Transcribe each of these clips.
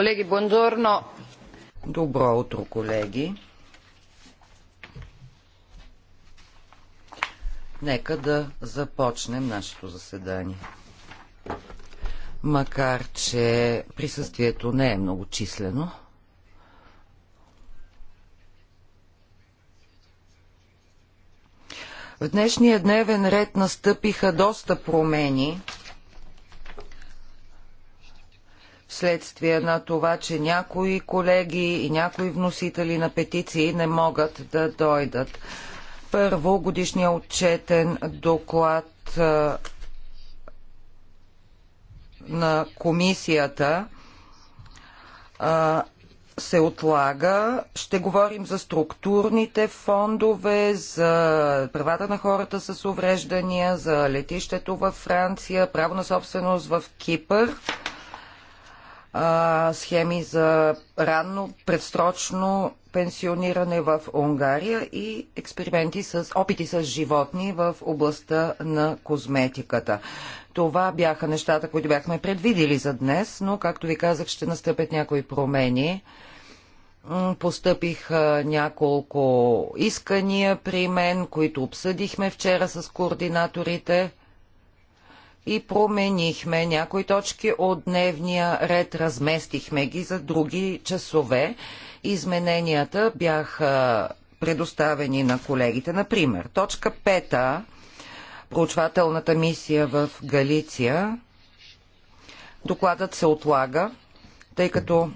Колеги, бонжурно. Добро утро, колеги. Нека да започнем нашето заседание. Макар, че присъствието не е много числено, В днешния дневен ред настъпиха доста промени – вследствие на това, че някои колеги и някои вносители на петиции не могат да дойдат. Първо, годишния отчетен доклад на комисията се отлага. Ще говорим за структурните фондове, за правата на хората с увреждания, за летището във Франция, право на собственост в Кипър а, схеми за ранно, предсрочно пенсиониране в Унгария и експерименти с опити с животни в областта на козметиката. Това бяха нещата, които бяхме предвидели за днес, но, както ви казах, ще настъпят някои промени. Постъпих няколко искания при мен, които обсъдихме вчера с координаторите и променихме някои точки от дневния ред, разместихме ги за други часове. Измененията бяха предоставени на колегите. Например, точка 5, проучвателната мисия в Галиция, докладът се отлага, тъй като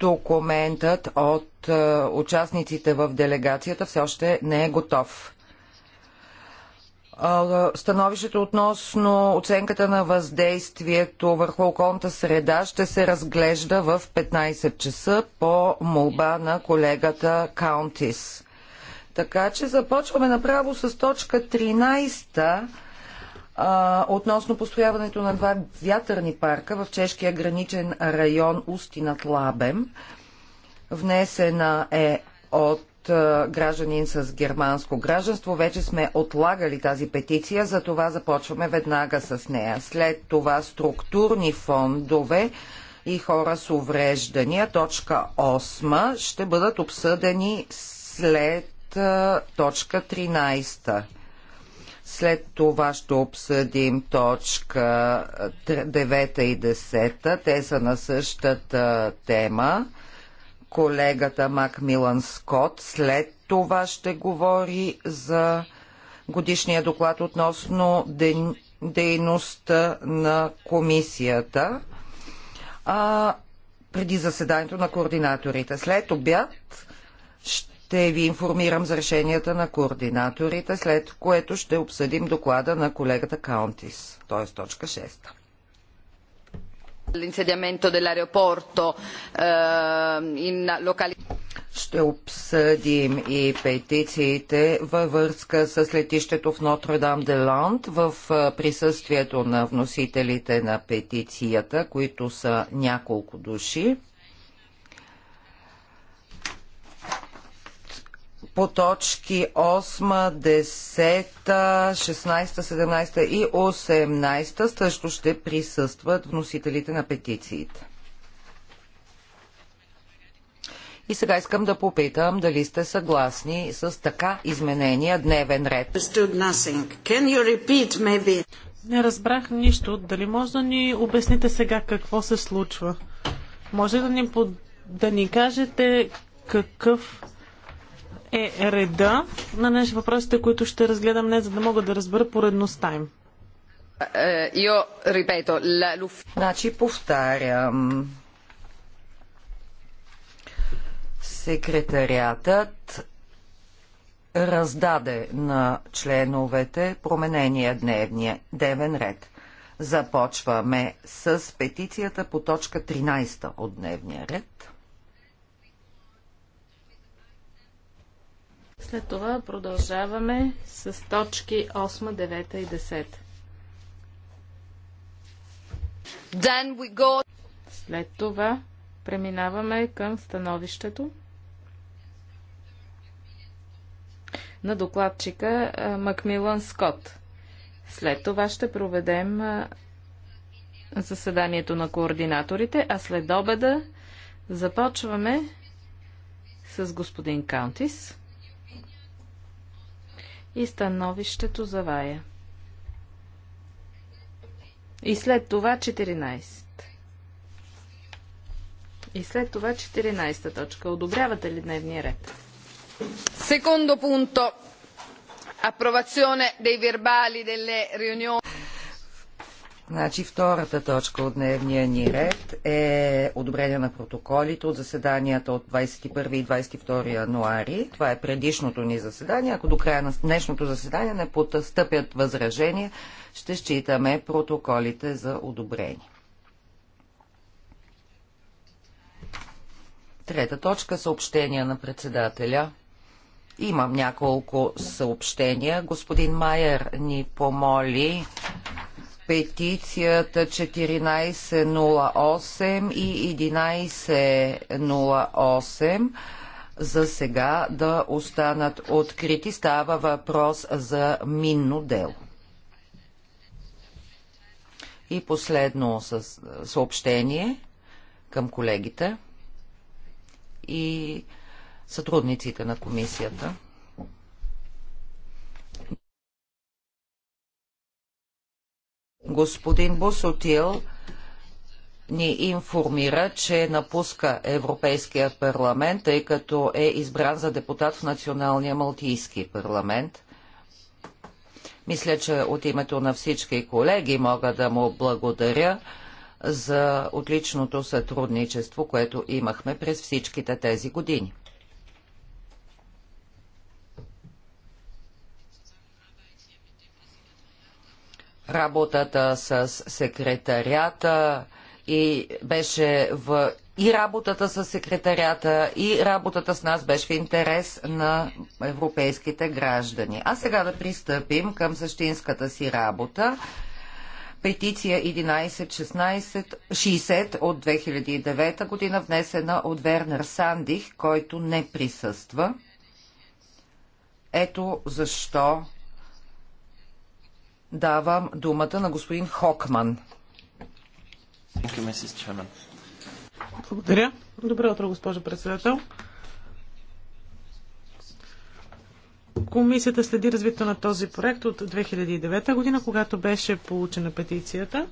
документът от е, участниците в делегацията все още не е готов. Становището относно оценката на въздействието върху околната среда ще се разглежда в 15 часа по молба на колегата Каунтис. Така че започваме направо с точка 13 а, относно построяването на два вятърни парка в чешкия граничен район Устинат Лабем. Внесена е от е, гражданин с германско гражданство. Вече сме отлагали тази петиция, за това започваме веднага с нея. След това структурни фондове и хора с увреждания, точка 8, ще бъдат обсъдени след е, точка 13. След това ще обсъдим точка 9 е, и 10. Те са на същата тема колегата Макмилан Скот. След това ще говори за годишния доклад относно дейността на комисията. А, преди заседанието на координаторите. След обяд ще ви информирам за решенията на координаторите, след което ще обсъдим доклада на колегата Каунтис, т.е. точка 6. L'insediamento dell'aeroporto ehm, in località ще обсъдим и петициите във връзка с летището в Нотр-Дам де Ланд в присъствието на вносителите на петицията, които са няколко души. по точки 8, 10, 16, 17 и 18 също ще присъстват вносителите на петициите. И сега искам да попитам дали сте съгласни с така изменения дневен ред. Не разбрах нищо. Дали може да ни обясните сега какво се случва? Може да ни, под... да ни кажете какъв е реда на днес въпросите, които ще разгледам не, за да мога да разбера поредността им. Io е, репето, la Значи повтарям. Секретариатът раздаде на членовете променения дневния дневен ред. Започваме с петицията по точка 13 от дневния ред. След това продължаваме с точки 8, 9 и 10. Then we go... След това преминаваме към становището на докладчика Макмилан Скотт. След това ще проведем заседанието на координаторите, а след обеда започваме с господин Каунтис и становището за Вая. И след това 14. И след това 14 точка. Одобрявате ли дневния ред? Секундо пункто. Approvazione дей вербали, delle riunioni. Значи втората точка от дневния ни ред е одобрение на протоколите от заседанията от 21 и 22 януари. Това е предишното ни заседание. Ако до края на днешното заседание не потъстъпят възражения, ще считаме протоколите за одобрени. Трета точка – съобщения на председателя. Имам няколко съобщения. Господин Майер ни помоли петицията 1408 и 1108 за сега да останат открити. Става въпрос за минно дело. И последно съобщение към колегите и сътрудниците на комисията. Господин Босотил ни информира, че напуска Европейския парламент, тъй като е избран за депутат в Националния Малтийски парламент. Мисля, че от името на всички колеги мога да му благодаря за отличното сътрудничество, което имахме през всичките тези години. работата с секретарята и беше в и работата с секретарята, и работата с нас беше в интерес на европейските граждани. А сега да пристъпим към същинската си работа. Петиция 1160 от 2009 година, внесена от Вернер Сандих, който не присъства. Ето защо Давам думата на господин Хокман. Благодаря. Добро утро, госпожо председател. Комисията следи развитието на този проект от 2009 година, когато беше получена петицията.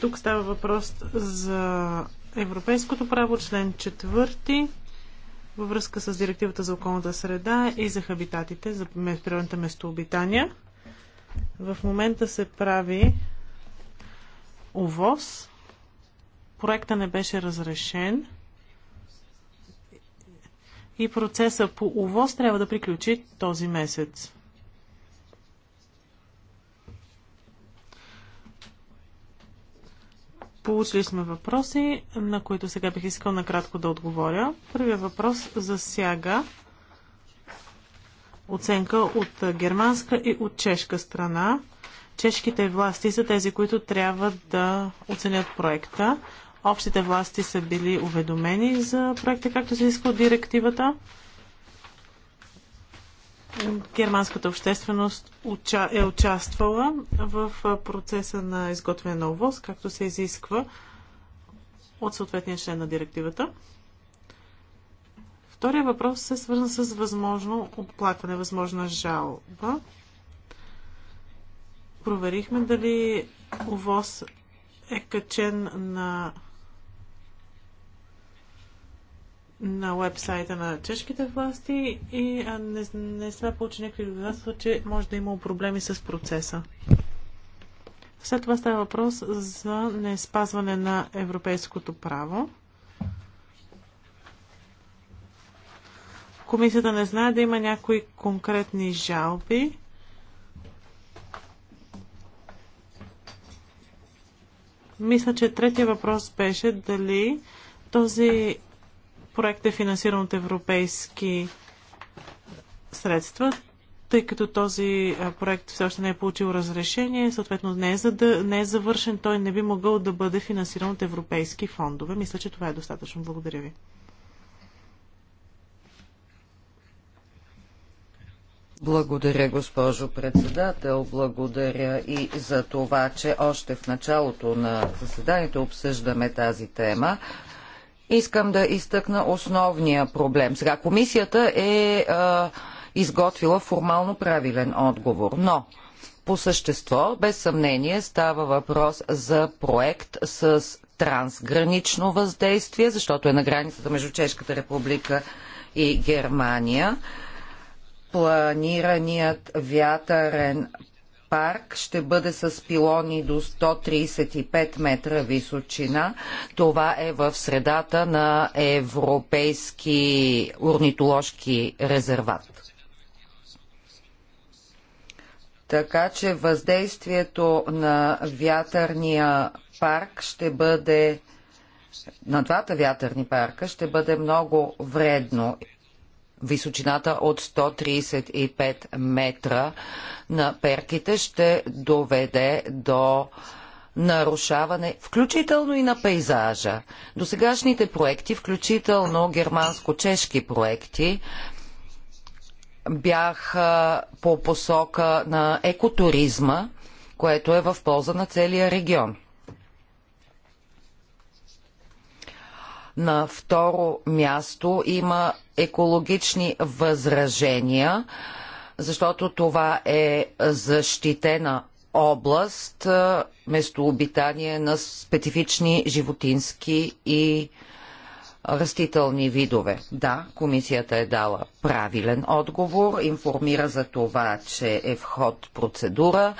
Тук става въпрос за европейското право, член във връзка с директивата за околната среда и за хабитатите, за природните местообитания. В момента се прави увоз. Проекта не беше разрешен и процеса по увоз трябва да приключи този месец. Получили сме въпроси, на които сега бих искал накратко да отговоря. Първият въпрос засяга оценка от германска и от чешка страна. Чешките власти са тези, които трябва да оценят проекта. Общите власти са били уведомени за проекта, както се иска от директивата германската общественост е участвала в процеса на изготвяне на ОВОС, както се изисква от съответния член на директивата. Втория въпрос се свързан с възможно оплакване, възможна жалба. Проверихме дали ОВОС е качен на на вебсайта на чешките власти и не, не сме получили някакви доказателства, че може да е има проблеми с процеса. След това става въпрос за неспазване на европейското право. Комисията не знае да има някои конкретни жалби. Мисля, че третия въпрос беше дали този проект е финансиран от европейски средства, тъй като този проект все още не е получил разрешение, съответно не е, за не е завършен, той не би могъл да бъде финансиран от европейски фондове. Мисля, че това е достатъчно. Благодаря ви. Благодаря, госпожо председател. Благодаря и за това, че още в началото на заседанието обсъждаме тази тема. Искам да изтъкна основния проблем. Сега комисията е а, изготвила формално правилен отговор, но по същество, без съмнение, става въпрос за проект с трансгранично въздействие, защото е на границата между Чешката република и Германия планираният вятърен парк ще бъде с пилони до 135 метра височина. Това е в средата на Европейски орнитоложки резерват. Така че въздействието на вятърния парк ще бъде на двата вятърни парка ще бъде много вредно височината от 135 метра на перките ще доведе до нарушаване, включително и на пейзажа. До сегашните проекти, включително германско-чешки проекти, бяха по посока на екотуризма, което е в полза на целия регион. На второ място има екологични възражения, защото това е защитена област, местообитание на специфични животински и растителни видове. Да, комисията е дала правилен отговор, информира за това, че е вход процедура,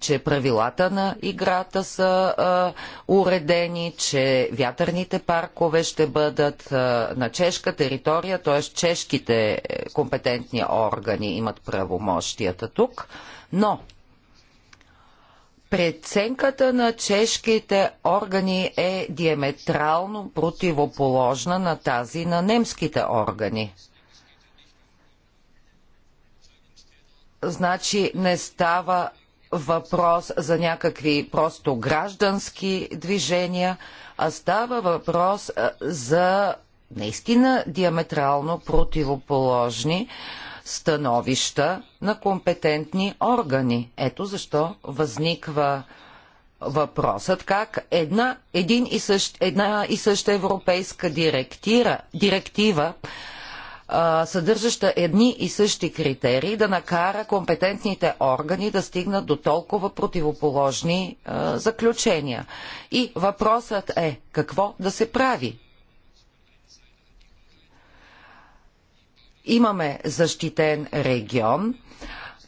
че правилата на играта са а, уредени, че вятърните паркове ще бъдат а, на чешка територия, т.е. чешките е, компетентни органи имат правомощията тук, но Преценката на чешките органи е диаметрално противоположна на тази на немските органи. Значи не става въпрос за някакви просто граждански движения, а става въпрос за наистина диаметрално противоположни становища на компетентни органи. Ето защо възниква въпросът как една, един и същ, една и съща европейска директира, директива а, съдържаща едни и същи критерии, да накара компетентните органи да стигнат до толкова противоположни а, заключения. И въпросът е какво да се прави Имаме защитен регион.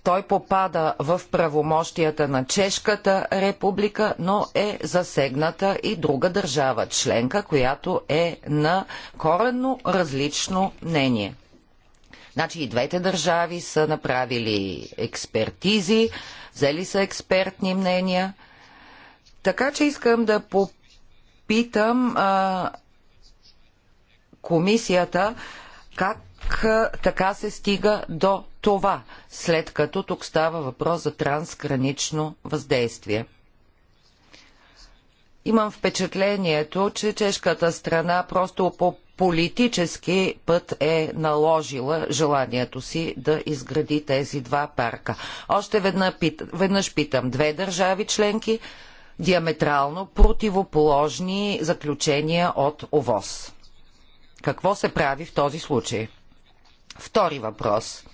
Той попада в правомощията на Чешката република, но е засегната и друга държава членка, която е на коренно различно мнение. Значи и двете държави са направили експертизи, взели са експертни мнения. Така че искам да попитам а, комисията как така се стига до това, след като тук става въпрос за трансгранично въздействие. Имам впечатлението, че чешката страна просто по политически път е наложила желанието си да изгради тези два парка. Още веднъж питам две държави членки, диаметрално противоположни заключения от ОВОС. Какво се прави в този случай? Втори въпрос.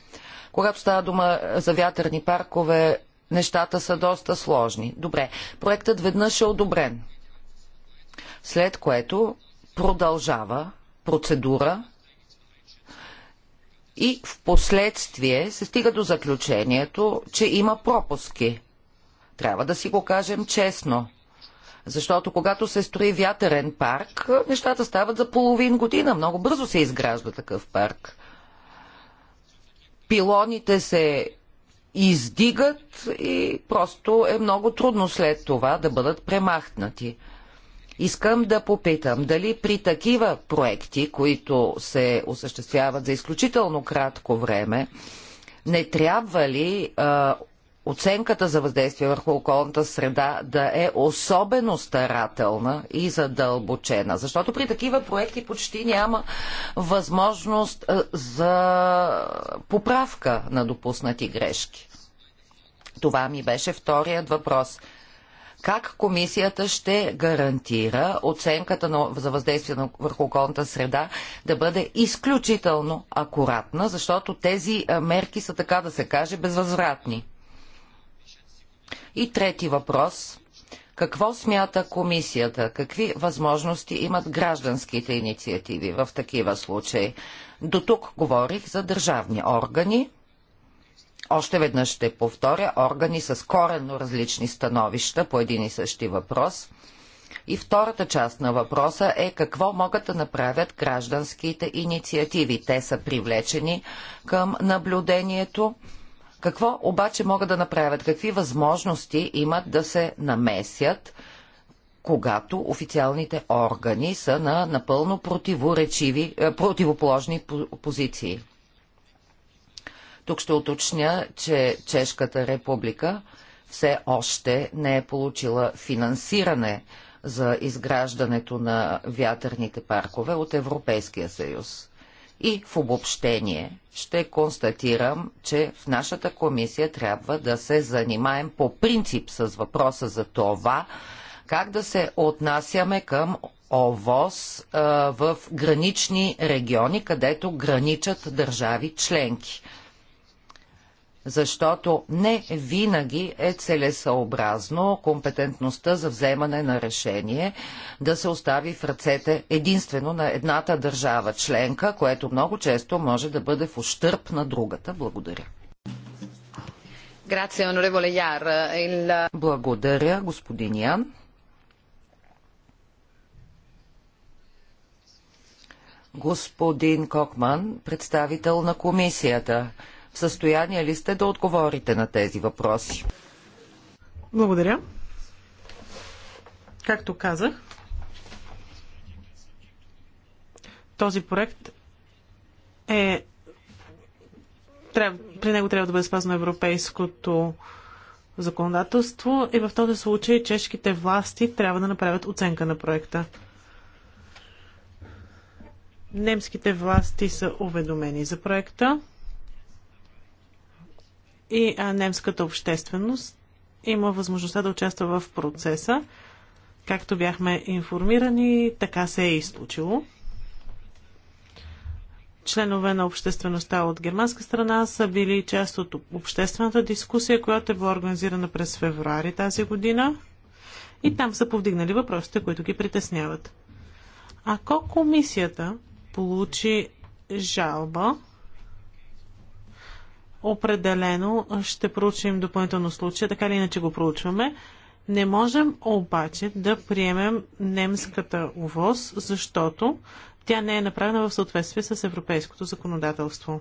Когато става дума за вятърни паркове, нещата са доста сложни. Добре, проектът веднъж е одобрен. След което продължава процедура и в последствие се стига до заключението, че има пропуски. Трябва да си го кажем честно. Защото когато се строи вятърен парк, нещата стават за половин година. Много бързо се изгражда такъв парк пилоните се издигат и просто е много трудно след това да бъдат премахнати. Искам да попитам дали при такива проекти, които се осъществяват за изключително кратко време, не трябва ли а, оценката за въздействие върху околната среда да е особено старателна и задълбочена. Защото при такива проекти почти няма възможност е, за поправка на допуснати грешки. Това ми беше вторият въпрос как комисията ще гарантира оценката за въздействие върху околната среда да бъде изключително акуратна, защото тези е, мерки са така да се каже безвъзвратни. И трети въпрос. Какво смята комисията? Какви възможности имат гражданските инициативи в такива случаи? До тук говорих за държавни органи. Още веднъж ще повторя органи с коренно различни становища по един и същи въпрос. И втората част на въпроса е какво могат да направят гражданските инициативи. Те са привлечени към наблюдението какво обаче могат да направят? Какви възможности имат да се намесят, когато официалните органи са на напълно противоречиви, е, противоположни позиции? Тук ще уточня, че Чешката република все още не е получила финансиране за изграждането на вятърните паркове от Европейския съюз. И в обобщение ще констатирам, че в нашата комисия трябва да се занимаем по принцип с въпроса за това, как да се отнасяме към ОВОз а, в гранични региони, където граничат държави членки защото не винаги е целесъобразно компетентността за вземане на решение да се остави в ръцете единствено на едната държава членка, което много често може да бъде в ущърп на другата. Благодаря. Благодаря, господин Ян. Господин Кокман, представител на комисията. В състояние ли сте да отговорите на тези въпроси? Благодаря. Както казах, този проект е трябва, при него трябва да бъде спазно европейското законодателство и в този случай чешките власти трябва да направят оценка на проекта. Немските власти са уведомени за проекта и немската общественост има възможността да участва в процеса. Както бяхме информирани, така се е и случило. Членове на обществеността от германска страна са били част от обществената дискусия, която е била организирана през февруари тази година и там са повдигнали въпросите, които ги притесняват. Ако комисията получи жалба Определено ще проучим допълнително случая, така или иначе го проучваме. Не можем обаче да приемем немската ОВОз, защото тя не е направена в съответствие с европейското законодателство.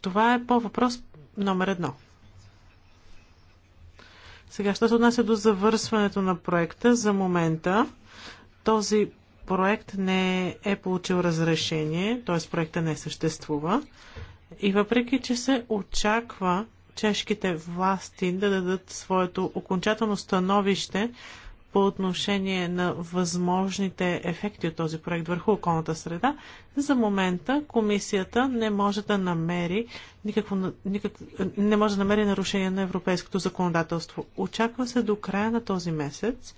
Това е по въпрос номер едно. Сега, що се отнася до завършването на проекта, за момента този проект не е получил разрешение, т.е. проекта не съществува. И въпреки, че се очаква чешките власти да дадат своето окончателно становище по отношение на възможните ефекти от този проект върху околната среда, за момента комисията не може да намери никакво, никак, не може да намери нарушение на европейското законодателство. Очаква се до края на този месец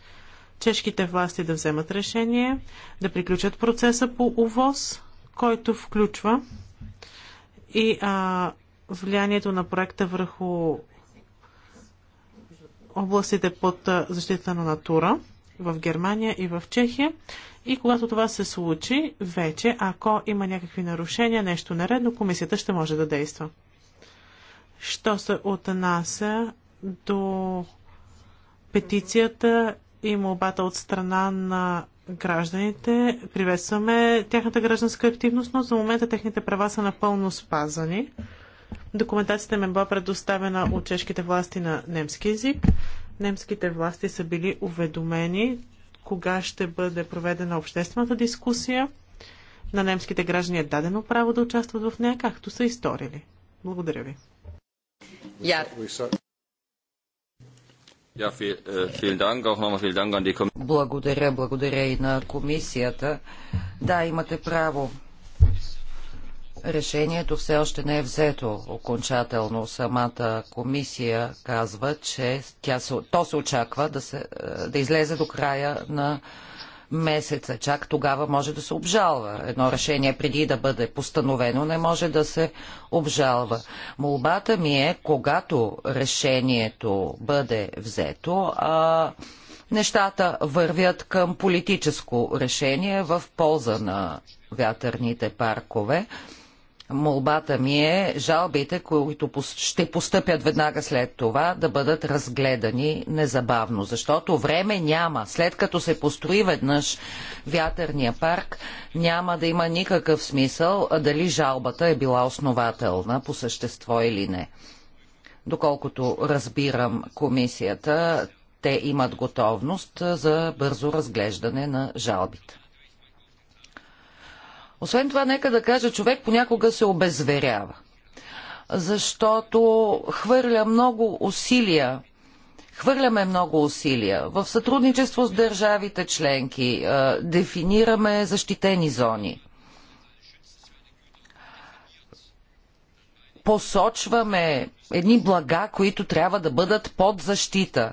чешките власти да вземат решение, да приключат процеса по увоз, който включва и а, влиянието на проекта върху областите под защита на натура в Германия и в Чехия. И когато това се случи, вече, ако има някакви нарушения, нещо нередно, комисията ще може да действа. Що се отнася до петицията и молбата от страна на гражданите, приветстваме тяхната гражданска активност, но за момента техните права са напълно спазани. Документацията ми е била предоставена от чешките власти на немски язик. Немските власти са били уведомени кога ще бъде проведена обществената дискусия. На немските граждани е дадено право да участват в нея, както са историли. Благодаря ви. Yeah. Äh, благодаря, благодаря и на комисията. Да, имате право. Решението все още не е взето окончателно. Самата комисия казва, че тя, то се очаква да, се, е, да излезе до края на месеца. Чак тогава може да се обжалва. Едно решение преди да бъде постановено не може да се обжалва. Молбата ми е, когато решението бъде взето, а нещата вървят към политическо решение в полза на вятърните паркове, Молбата ми е жалбите, които ще постъпят веднага след това, да бъдат разгледани незабавно, защото време няма. След като се построи веднъж вятърния парк, няма да има никакъв смисъл дали жалбата е била основателна по същество или не. Доколкото разбирам комисията, те имат готовност за бързо разглеждане на жалбите. Освен това, нека да кажа, човек понякога се обезверява, защото хвърля много усилия хвърляме много усилия. В сътрудничество с държавите членки дефинираме защитени зони. Посочваме едни блага, които трябва да бъдат под защита.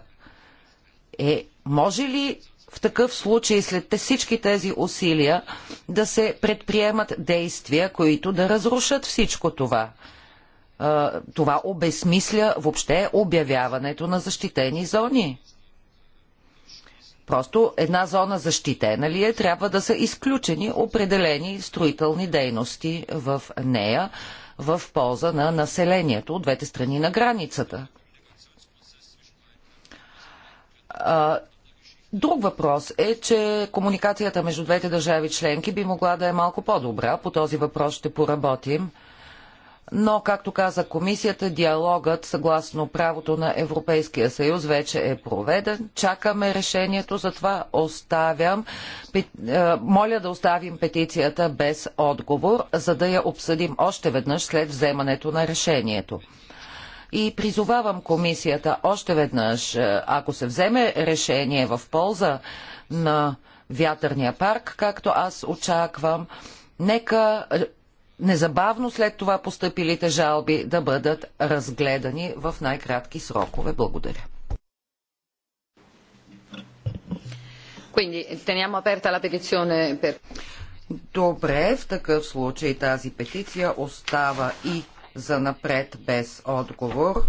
Е, може ли в такъв случай след всички тези усилия да се предприемат действия, които да разрушат всичко това? Това обезмисля въобще обявяването на защитени зони. Просто една зона защитена ли е, трябва да са изключени определени строителни дейности в нея в полза на населението от двете страни на границата. Друг въпрос е, че комуникацията между двете държави членки би могла да е малко по-добра. По този въпрос ще поработим. Но, както каза комисията, диалогът съгласно правото на Европейския съюз вече е проведен. Чакаме решението, затова оставям. Е, моля да оставим петицията без отговор, за да я обсъдим още веднъж след вземането на решението. И призовавам комисията още веднъж, е, ако се вземе решение в полза на вятърния парк, както аз очаквам, нека е, незабавно след това постъпилите жалби да бъдат разгледани в най-кратки срокове. Благодаря. Добре, в такъв случай тази петиция остава и за напред без отговор,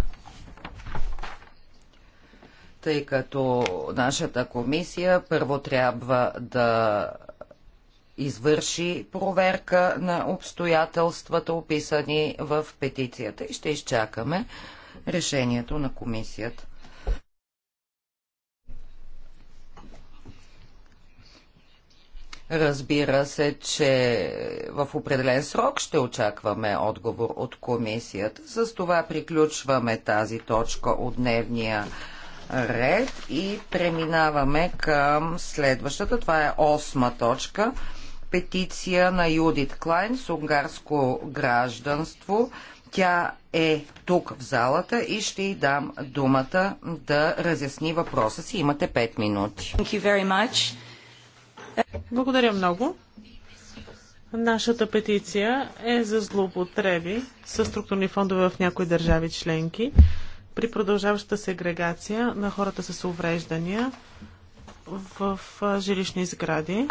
тъй като нашата комисия първо трябва да извърши проверка на обстоятелствата, описани в петицията и ще изчакаме решението на комисията. Разбира се, че в определен срок ще очакваме отговор от комисията. С това приключваме тази точка от дневния ред и преминаваме към следващата. Това е осма точка. Петиция на Юдит Клайн с унгарско гражданство. Тя е тук в залата и ще й дам думата да разясни въпроса си. Имате 5 минути. Благодаря много. Нашата петиция е за злоупотреби с структурни фондове в някои държави членки при продължаващата сегрегация на хората с увреждания в жилищни сгради.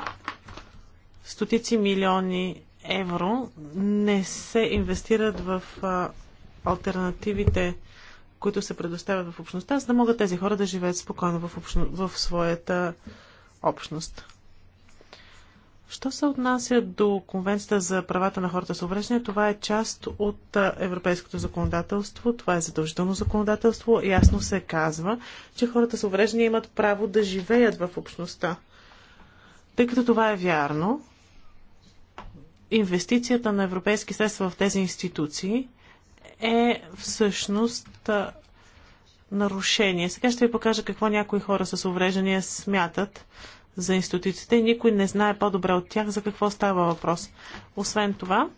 Стотици милиони евро не се инвестират в альтернативите, които се предоставят в общността, за да могат тези хора да живеят спокойно в, в своята общност. Що се отнася до Конвенцията за правата на хората с увреждане, това е част от европейското законодателство, това е задължително законодателство. Ясно се казва, че хората с увреждане имат право да живеят в общността. Тъй като това е вярно, инвестицията на европейски средства в тези институции е всъщност нарушение. Сега ще ви покажа какво някои хора с увреждания смятат за институциите и никой не знае по-добре от тях за какво става въпрос. Освен това,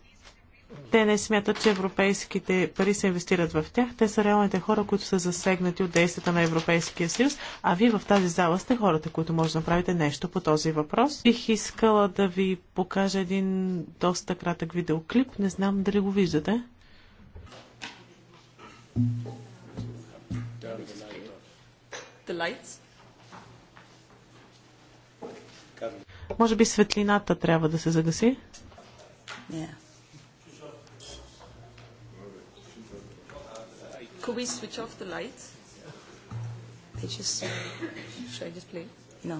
те не смятат, че европейските пари се инвестират в тях. Те са реалните хора, които са засегнати от действията на Европейския съюз, а вие в тази зала сте хората, които може да направите нещо по този въпрос. Бих искала да ви покажа един доста кратък видеоклип. Не знам дали го виждате. The lights. Може би светлината трябва да се загаси. Yeah. Could we switch off the lights? They just should I just play? No.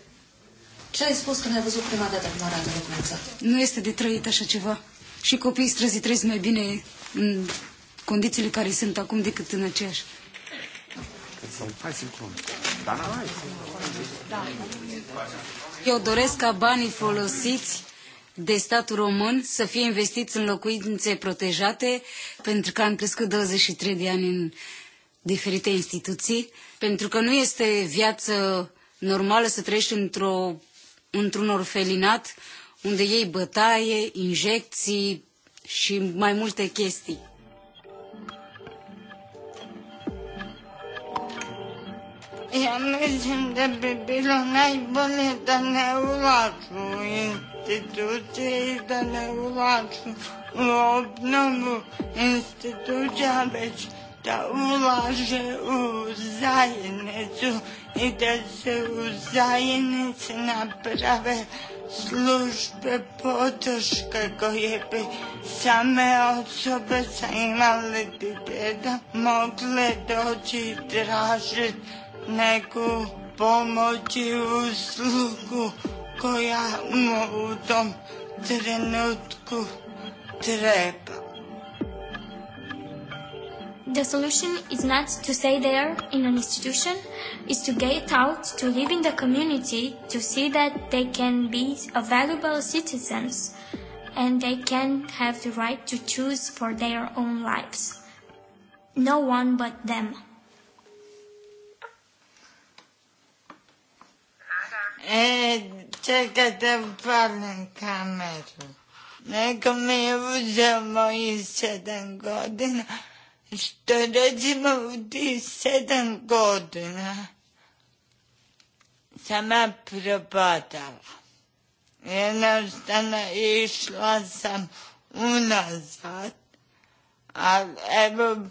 чрез пускане prima dată морето до конца. Nu este de trăit așa ceva. Și copiii străzi trăiesc mai bine în condițiile care sunt acum decât în aceeași. Hai Da, da. Eu doresc ca banii folosiți de statul român să fie investiți în locuințe protejate, pentru că am crescut 23 de ani în diferite instituții, pentru că nu este viață normală să trăiești într-o într-un orfelinat unde ei bătaie, injecții și mai multe chestii. Ja mislim da bi bilo bune da ne ulažu u institucije i da ne ulažu u obnovu institucija, već Da ulaže u zajednicu i da se u zajednici naprave službe podrške koje bi same osobe sa invaliditetom mogle doći i tražiti neku pomoć i uslugu koja mu u tom trenutku treba. The solution is not to stay there in an institution, is to get out, to live in the community, to see that they can be a valuable citizens and they can have the right to choose for their own lives. No one but them. Е, чакате пален камеру. Нека ми я взема и 7 година. Ще recimo vdi sedam godina sama propadala. Jednostavno išla sam unazad, a evo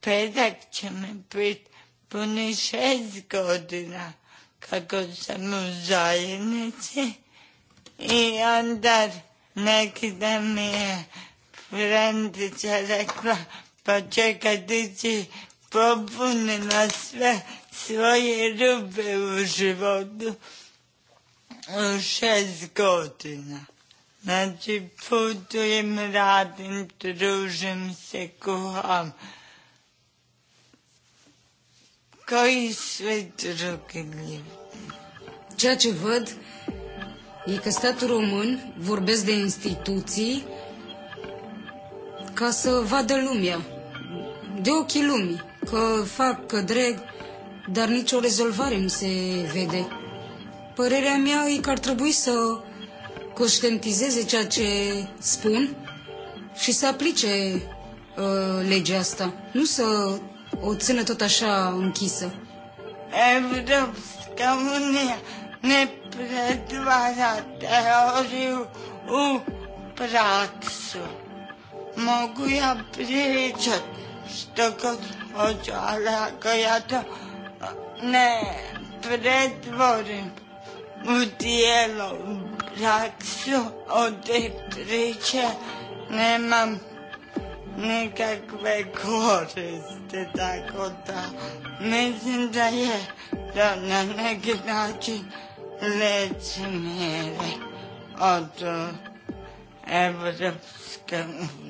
petak će mi biti puni šest godina kako sam u zajednici i onda neki dan mi je Frendica rekla, pa čeka ti čekati popune na sve svoje rupe u životu u šest godina. Znači, putujem, radim, družim se, kuham. Koji sve drugi ljudi. Ceea ce văd e că statul român, vorbesc de instituții, ca să vadă lumea, de ochii lumii, că fac, că dreg, dar nicio rezolvare nu se vede. Părerea mea e că ar trebui să conștientizeze ceea ce spun și să aplice uh, legea asta, nu să o țină tot așa închisă. Evropska unia ne pretvara u praksu могу я приличат, что кошара, която не претворим в дело, праксу от и прича немам никакve koriste, tako da mislim da je da na neki način lečim mere od Evropske unije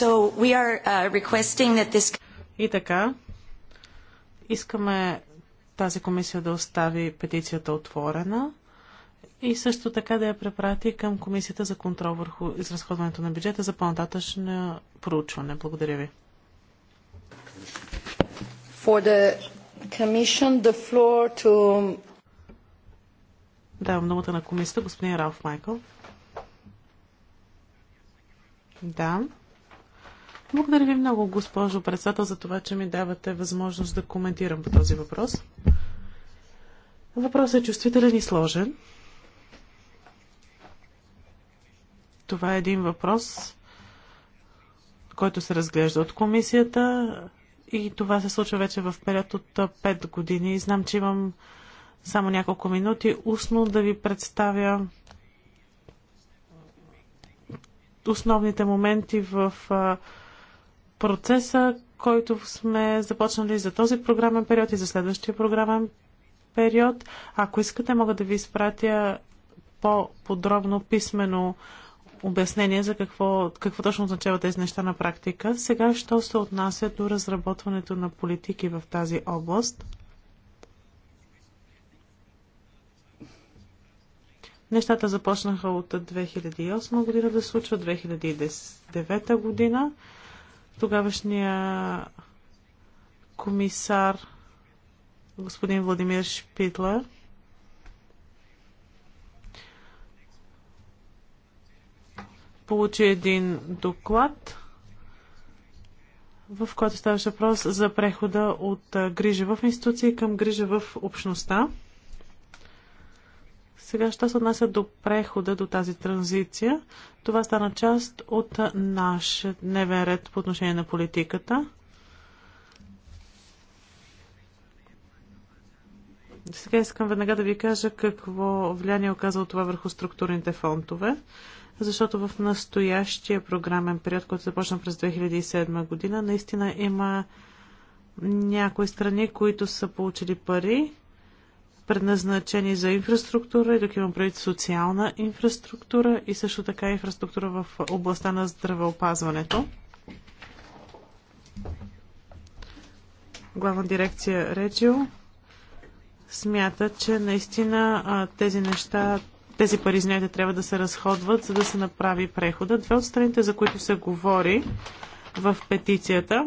So we are uh, requesting that this... И така, искаме тази комисия да остави петицията отворена и също така да я препрати към Комисията за контрол върху изразходването на бюджета за по-нататъчно проучване. Благодаря ви. For the commission, the floor to... Давам думата на комисията, господин Ралф Майкъл. Да. Благодаря ви много, госпожо председател, за това, че ми давате възможност да коментирам по този въпрос. Въпросът е чувствителен и сложен. Това е един въпрос, който се разглежда от комисията и това се случва вече в период от 5 години. знам, че имам само няколко минути устно да ви представя основните моменти в процеса, който сме започнали за този програмен период и за следващия програмен период. Ако искате, мога да ви изпратя по-подробно писмено обяснение за какво, какво точно означава тези неща на практика. Сега, що се отнася до разработването на политики в тази област? Нещата започнаха от 2008 година да случва, 2009 година тогавашния комисар господин Владимир Шпитла. Получи един доклад, в който ставаше въпрос за прехода от грижа в институции към грижа в общността. Сега, що се отнася до прехода, до тази транзиция, това стана част от наш дневен ред по отношение на политиката. Сега искам веднага да ви кажа какво влияние е оказало това върху структурните фондове, защото в настоящия програмен период, който започна през 2007 година, наистина има някои страни, които са получили пари, предназначени за инфраструктура, и тук имам предвид социална инфраструктура и също така инфраструктура в областта на здравеопазването. Главна дирекция Реджио смята, че наистина тези неща, тези пари, знаете, трябва да се разходват, за да се направи прехода. Две от страните, за които се говори в петицията,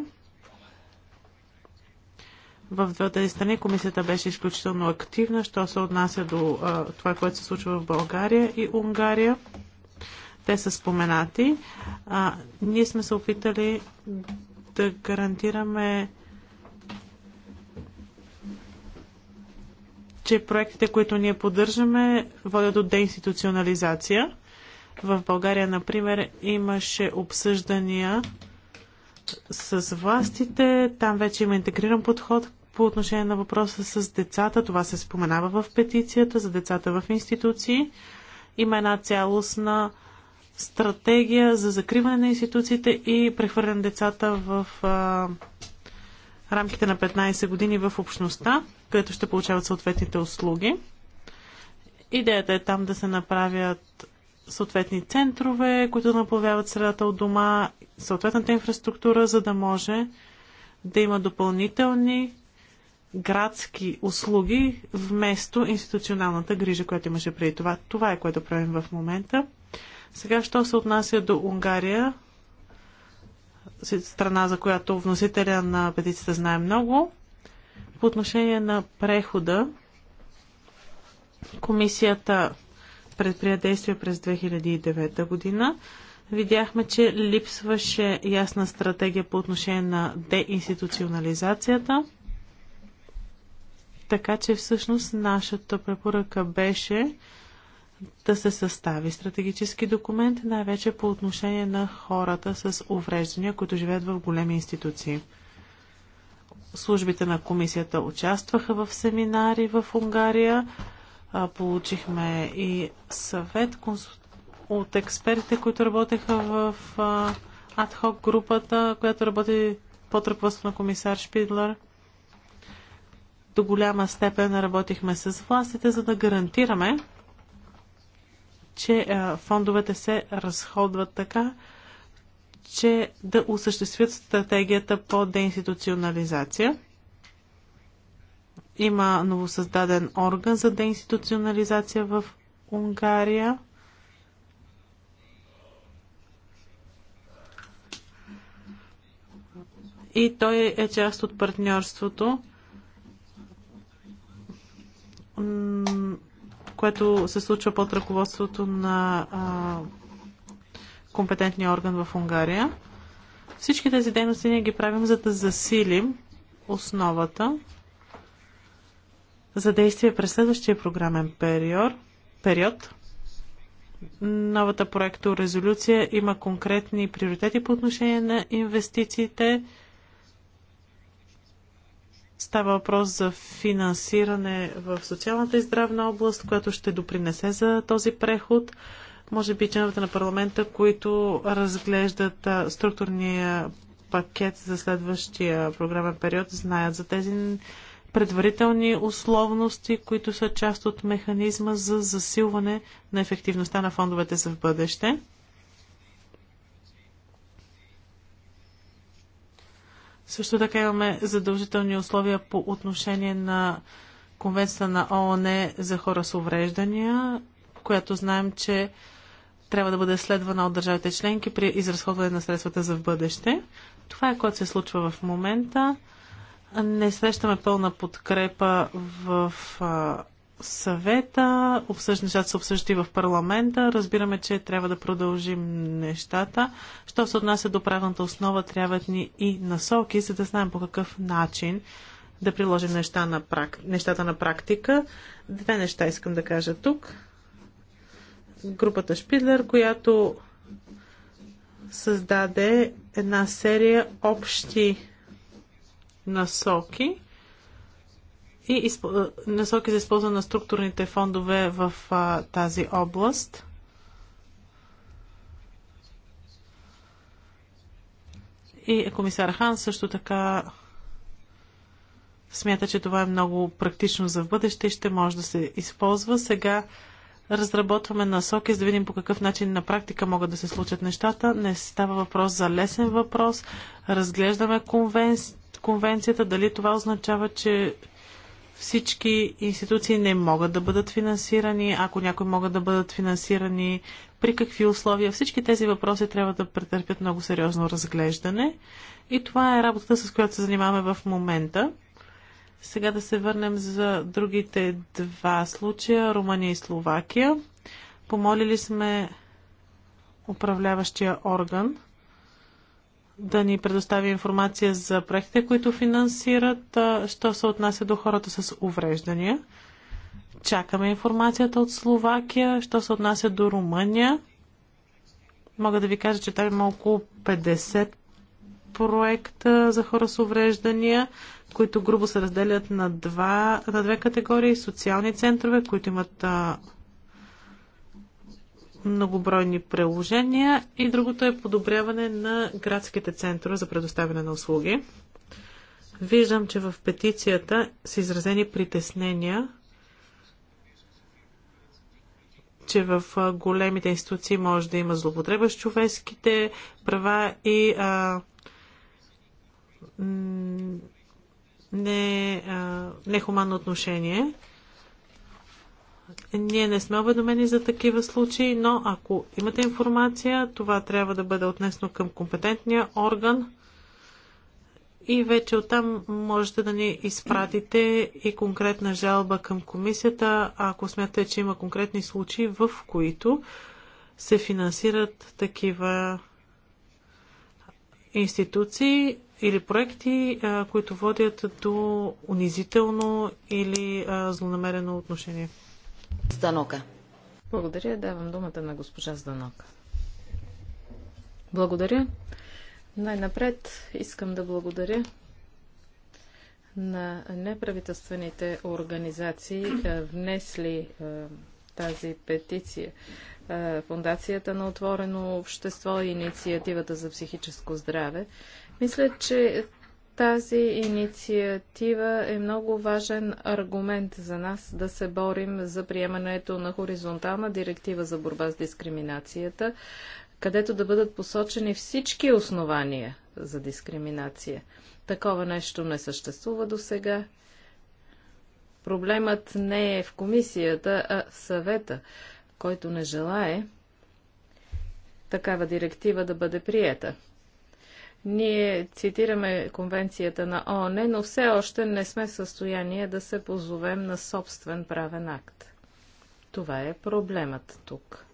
в двете страни комисията беше изключително активна, що се отнася до а, това, което се случва в България и Унгария. Те са споменати. А, ние сме се опитали да гарантираме че проектите, които ние поддържаме, водят до деинституционализация. В България, например, имаше обсъждания с властите. Там вече има интегриран подход по отношение на въпроса с децата. Това се споменава в петицията за децата в институции. Има една цялостна стратегия за закриване на институциите и прехвърляне на децата в а, рамките на 15 години в общността, където ще получават съответните услуги. Идеята е там да се направят съответни центрове, които наплавяват средата от дома, съответната инфраструктура, за да може да има допълнителни градски услуги вместо институционалната грижа, която имаше преди това. Това е което правим в момента. Сега, що се отнася до Унгария, страна, за която вносителя на петицията знае много, по отношение на прехода, комисията предприя действия през 2009 година. Видяхме, че липсваше ясна стратегия по отношение на деинституционализацията. Така че всъщност нашата препоръка беше да се състави стратегически документ, най-вече по отношение на хората с увреждания, които живеят в големи институции. Службите на комисията участваха в семинари в Унгария. Получихме и съвет от експертите, които работеха в адхок групата, която работи под ръководство на комисар Шпидлер до голяма степен работихме с властите, за да гарантираме, че фондовете се разходват така, че да осъществят стратегията по деинституционализация. Има новосъздаден орган за деинституционализация в Унгария. И той е част от партньорството което се случва под ръководството на а, компетентния орган в Унгария. Всички тези дейности ние ги правим, за да засилим основата за действие през следващия програмен период. период. Новата проекто резолюция има конкретни приоритети по отношение на инвестициите – Става въпрос за финансиране в социалната и здравна област, която ще допринесе за този преход. Може би членовете на парламента, които разглеждат структурния пакет за следващия програмен период, знаят за тези предварителни условности, които са част от механизма за засилване на ефективността на фондовете за в бъдеще. Също така имаме задължителни условия по отношение на Конвенцията на ООН за хора с увреждания, която знаем, че трябва да бъде следвана от държавите членки при изразходване на средствата за в бъдеще. Това е което се случва в момента. Не срещаме пълна подкрепа в а, съвета, обсъжда, нещата се обсъждат и в парламента. Разбираме, че трябва да продължим нещата. Що се отнася до правната основа, трябват ни и насоки, за да знаем по какъв начин да приложим неща на прак... нещата на практика. Две неща искам да кажа тук. Групата Шпидлер, която създаде една серия общи насоки, и насоки за използване на структурните фондове в а, тази област. И комисар Хан също така смята, че това е много практично за в бъдеще и ще може да се използва. Сега разработваме насоки, за да видим по какъв начин на практика могат да се случат нещата. Не става въпрос за лесен въпрос. Разглеждаме Конвенцията дали това означава, че всички институции не могат да бъдат финансирани, ако някои могат да бъдат финансирани, при какви условия. Всички тези въпроси трябва да претърпят много сериозно разглеждане и това е работата, с която се занимаваме в момента. Сега да се върнем за другите два случая Румъния и Словакия. Помолили сме управляващия орган да ни предостави информация за проектите, които финансират, що се отнася до хората с увреждания. Чакаме информацията от Словакия, що се отнася до Румъния. Мога да ви кажа, че там има около 50 проекта за хора с увреждания, които грубо се разделят на, два, на две категории. Социални центрове, които имат а, многобройни приложения и другото е подобряване на градските центрове за предоставяне на услуги. Виждам, че в петицията са изразени притеснения, че в големите институции може да има злоупотреба с човешките права и а, не, а, нехуманно отношение. Ние не сме уведомени за такива случаи, но ако имате информация, това трябва да бъде отнесено към компетентния орган и вече оттам можете да ни изпратите и конкретна жалба към комисията, ако смятате, че има конкретни случаи, в които се финансират такива институции или проекти, които водят до унизително или злонамерено отношение. Станока. Благодаря. Давам думата на госпожа Станока. Благодаря. Най-напред искам да благодаря на неправителствените организации, е, внесли е, тази петиция. Е, Фундацията на Отворено общество и инициативата за психическо здраве. Мисля, че тази инициатива е много важен аргумент за нас да се борим за приемането на хоризонтална директива за борба с дискриминацията, където да бъдат посочени всички основания за дискриминация. Такова нещо не съществува до сега. Проблемът не е в комисията, а в съвета, който не желае такава директива да бъде приета. Ние цитираме конвенцията на ООН, но все още не сме в състояние да се позовем на собствен правен акт. Това е проблемът тук.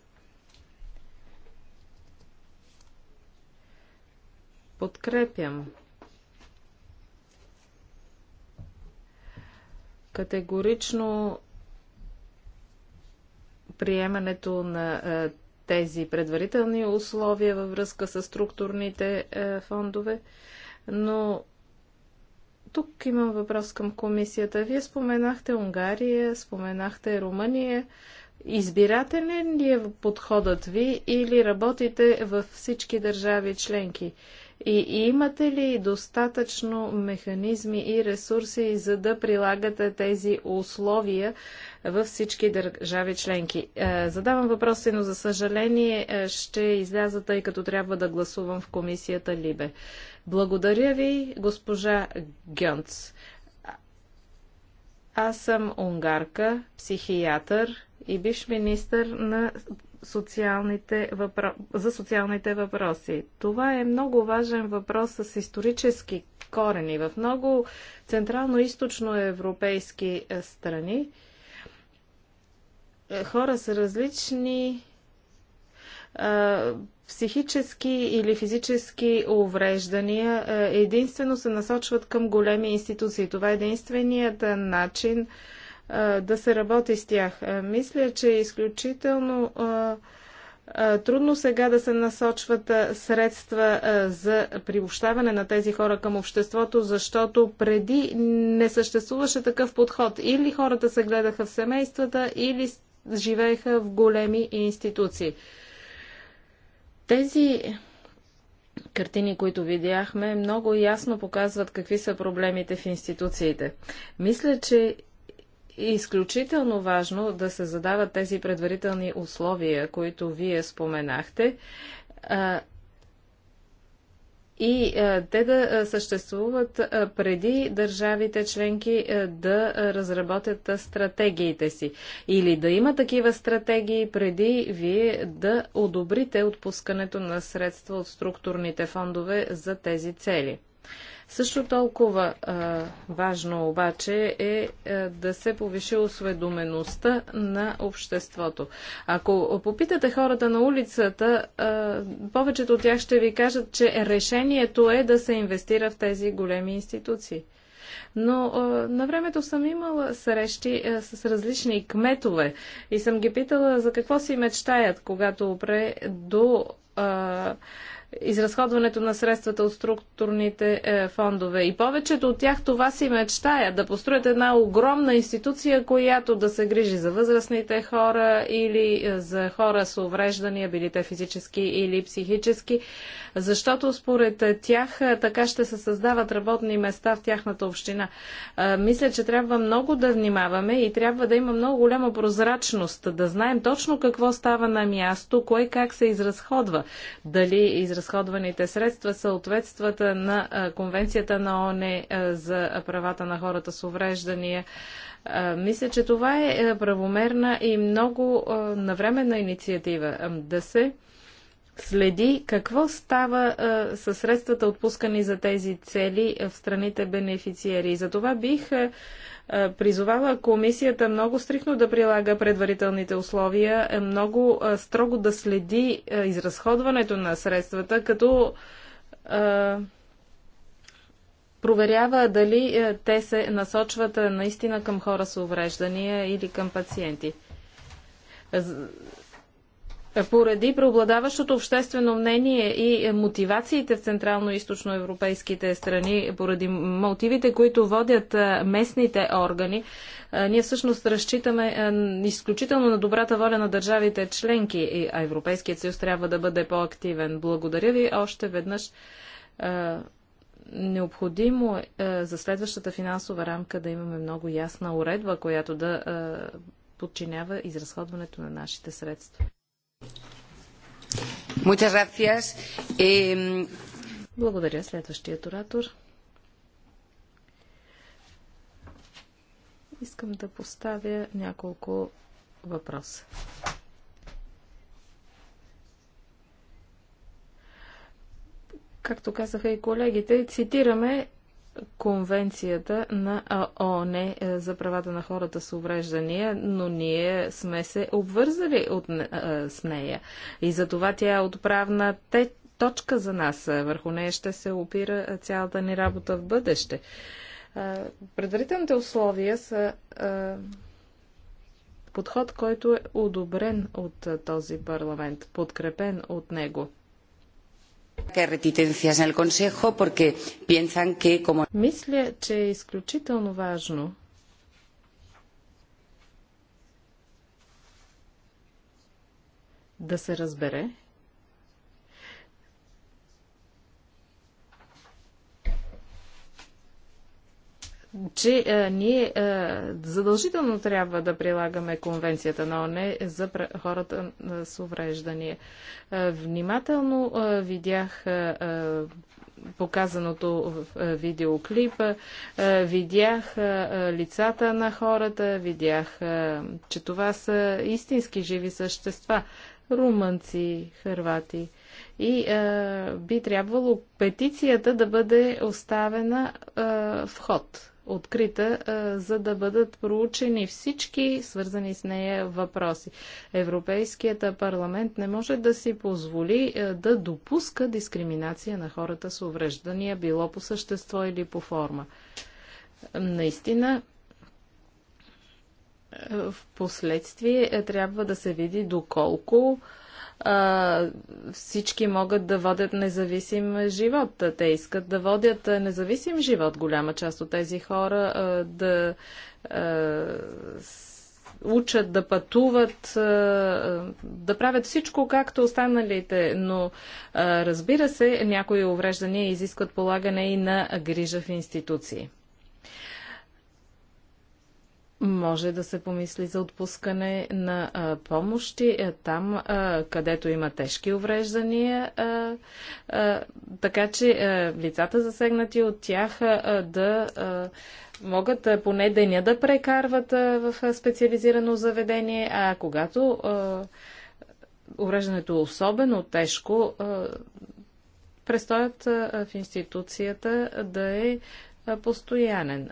Подкрепям категорично приемането на е, тези предварителни условия във връзка с структурните е, фондове, но тук имам въпрос към комисията. Вие споменахте Унгария, споменахте Румъния. Избирателен ли е подходът ви или работите във всички държави членки? И имате ли достатъчно механизми и ресурси, за да прилагате тези условия във всички държави членки? Е, задавам въпроси, но за съжаление е, ще изляза, тъй като трябва да гласувам в комисията Либе. Благодаря ви, госпожа Гьонц. Аз съм унгарка, психиатър и бивш министър на социалните въпро... за социалните въпроси. Това е много важен въпрос с исторически корени. В много централно-источноевропейски е, страни е, хора с различни е, психически или физически увреждания единствено се насочват към големи институции. Това е единственият начин да се работи с тях. Мисля, че е изключително трудно сега да се насочват средства за приобщаване на тези хора към обществото, защото преди не съществуваше такъв подход. Или хората се гледаха в семействата, или живееха в големи институции. Тези картини, които видяхме, много ясно показват какви са проблемите в институциите. Мисля, че изключително важно да се задават тези предварителни условия, които вие споменахте. И те да съществуват преди държавите членки да разработят стратегиите си. Или да има такива стратегии преди вие да одобрите отпускането на средства от структурните фондове за тези цели. Също толкова а, важно обаче е а, да се повиши осведомеността на обществото. Ако попитате хората на улицата, а, повечето от тях ще ви кажат, че решението е да се инвестира в тези големи институции. Но а, на времето съм имала срещи а, с различни кметове и съм ги питала за какво си мечтаят, когато опре до а, изразходването на средствата от структурните е, фондове. И повечето от тях това си мечтая да построят една огромна институция, която да се грижи за възрастните хора или е, за хора с увреждания, били те физически или психически защото според е, тях е, така ще се създават работни места в тяхната община. Е, мисля, че трябва много да внимаваме и трябва да има много голяма прозрачност, да знаем точно какво става на място, кой как се изразходва, дали изразходваните средства съответстват на Конвенцията на ОНЕ за правата на хората с увреждания. Мисля, че това е правомерна и много навременна инициатива да се следи какво става а, със средствата отпускани за тези цели в страните бенефициери. За това бих а, призовава комисията много стрихно да прилага предварителните условия, много а, строго да следи а, изразходването на средствата, като а, проверява дали те се насочват наистина към хора с увреждания или към пациенти поради преобладаващото обществено мнение и мотивациите в централно източно европейските страни, поради мотивите, които водят местните органи, ние всъщност разчитаме изключително на добрата воля на държавите членки и Европейският съюз трябва да бъде по-активен. Благодаря ви още веднъж. Необходимо е за следващата финансова рамка да имаме много ясна уредба, която да подчинява изразходването на нашите средства. Благодаря. Следващият оратор. Искам да поставя няколко въпроса. Както казаха и колегите, цитираме Конвенцията на ООН е, за правата на хората с увреждания, но ние сме се обвързали от, е, с нея. И за това тя е отправна те, точка за нас. Върху нея ще се опира цялата ни работа в бъдеще. Е, предварителните условия са подход, който е одобрен от този парламент, подкрепен от него. Мисля, че е изключително важно да се разбере, че е, ние е, задължително трябва да прилагаме конвенцията на ОНЕ за хората е, с увреждания. Внимателно видях показаното в видеоклипа, видях лицата на хората, видях, че това са истински живи същества. Румънци, хървати и а, би трябвало петицията да бъде оставена а, в ход открита, за да бъдат проучени всички свързани с нея въпроси. Европейският парламент не може да си позволи да допуска дискриминация на хората с увреждания, било по същество или по форма. Наистина, в последствие е, трябва да се види доколко а, всички могат да водят независим живот. Те искат да водят независим живот. Голяма част от тези хора а, да а, учат, да пътуват, да правят всичко както останалите, но разбира се, някои увреждания изискват полагане и на грижа в институции. Може да се помисли за отпускане на а, помощи а, е, там, а, където има тежки увреждания, а, а, така че а, е, лицата засегнати от тях а, да а, могат а, поне деня да прекарват а, в специализирано заведение, а когато увреждането е особено тежко, а, престоят в институцията да е постоянен.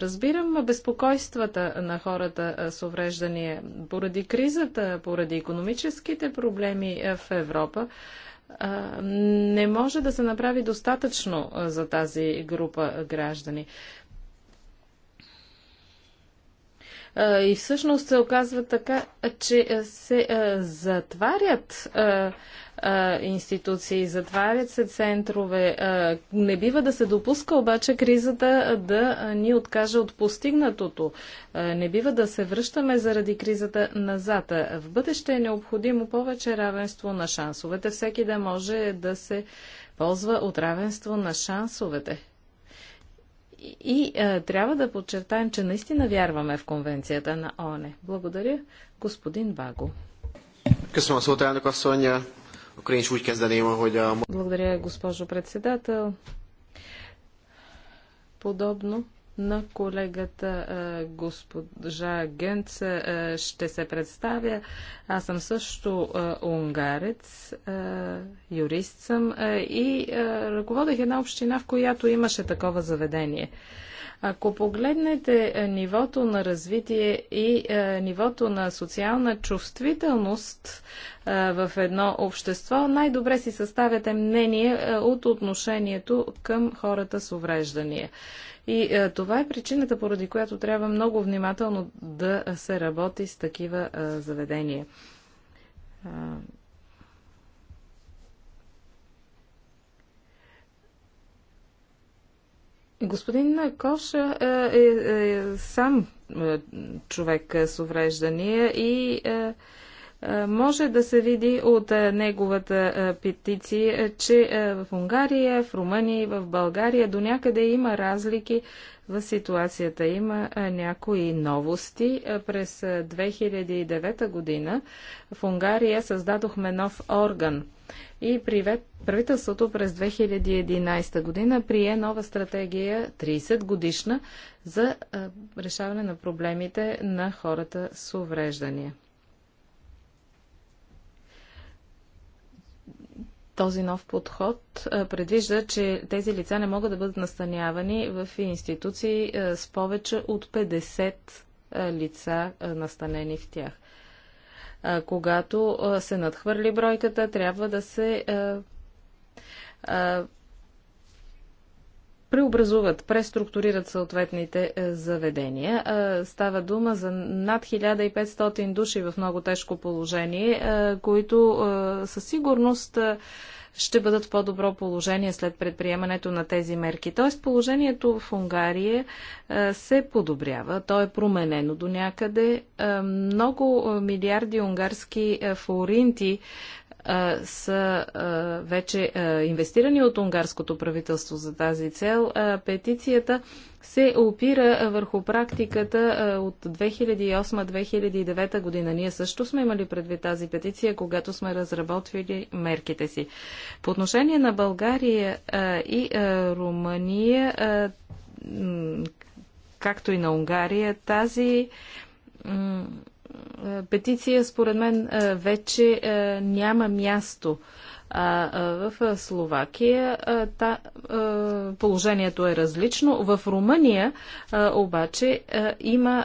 Разбирам безпокойствата на хората с увреждания поради кризата, поради економическите проблеми в Европа. Не може да се направи достатъчно за тази група граждани. И всъщност се оказва така, че се затварят а, институции, затварят се центрове. А, не бива да се допуска обаче кризата да ни откаже от постигнатото. А, не бива да се връщаме заради кризата назад. В бъдеще е необходимо повече равенство на шансовете. Всеки да може да се ползва от равенство на шансовете. И, е, трябва да подчертаем, че наистина вярваме в конвенцията на ОНЕ. Благодаря, господин Баго. Köszönöm a szót, elnök asszony. Благодаря, госпожо председател. Подобно на колегата госпожа Генц ще се представя. Аз съм също унгарец, юрист съм и ръководех една община, в която имаше такова заведение. Ако погледнете е, нивото на развитие и е, нивото на социална чувствителност е, в едно общество, най-добре си съставяте мнение от отношението към хората с увреждания. И това е причината, поради която трябва много внимателно да се работи с такива заведения. Господин Кош е, е, е сам е, човек с увреждания и е, е, може да се види от е, неговата е, петиция, че в Унгария, в Румъния и в България до някъде има разлики в ситуацията. Има някои новости. През 2009 година в Унгария създадохме нов орган и привет, правителството през 2011 година прие нова стратегия 30 годишна за решаване на проблемите на хората с увреждания. Този нов подход предвижда, че тези лица не могат да бъдат настанявани в институции с повече от 50 лица настанени в тях. Когато се надхвърли бройката, трябва да се преобразуват, преструктурират съответните е, заведения. Е, става дума за над 1500 души в много тежко положение, е, които със сигурност ще бъдат в по-добро положение след предприемането на тези мерки. Тоест положението в Унгария се подобрява, то е променено до някъде. Много милиарди унгарски форинти са вече инвестирани от унгарското правителство за тази цел. Петицията се опира върху практиката от 2008-2009 година. Ние също сме имали предвид тази петиция, когато сме разработвали мерките си. По отношение на България и Румъния, както и на Унгария, тази е, петиция, според мен, е, вече е, няма място. в Словакия та, положението е различно. В Румъния обаче има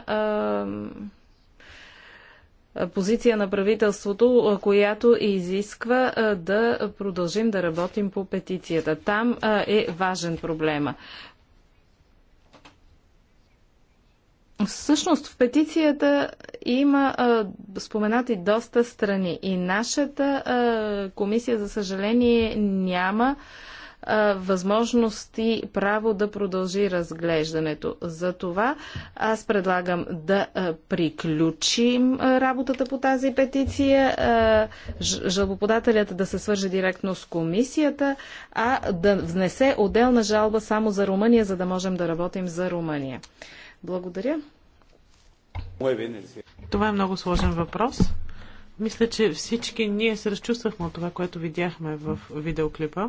позиция на правителството, която изисква да продължим да работим по петицията. Там е важен проблема. Всъщност в петицията има а, споменати доста страни и нашата а, комисия, за съжаление, няма а, възможност и право да продължи разглеждането. За това аз предлагам да а, приключим а, работата по тази петиция, а, жалбоподателят да се свърже директно с комисията, а да внесе отделна жалба само за Румъния, за да можем да работим за Румъния. Благодаря. Това е много сложен въпрос. Мисля, че всички ние се разчувствахме от това, което видяхме в видеоклипа.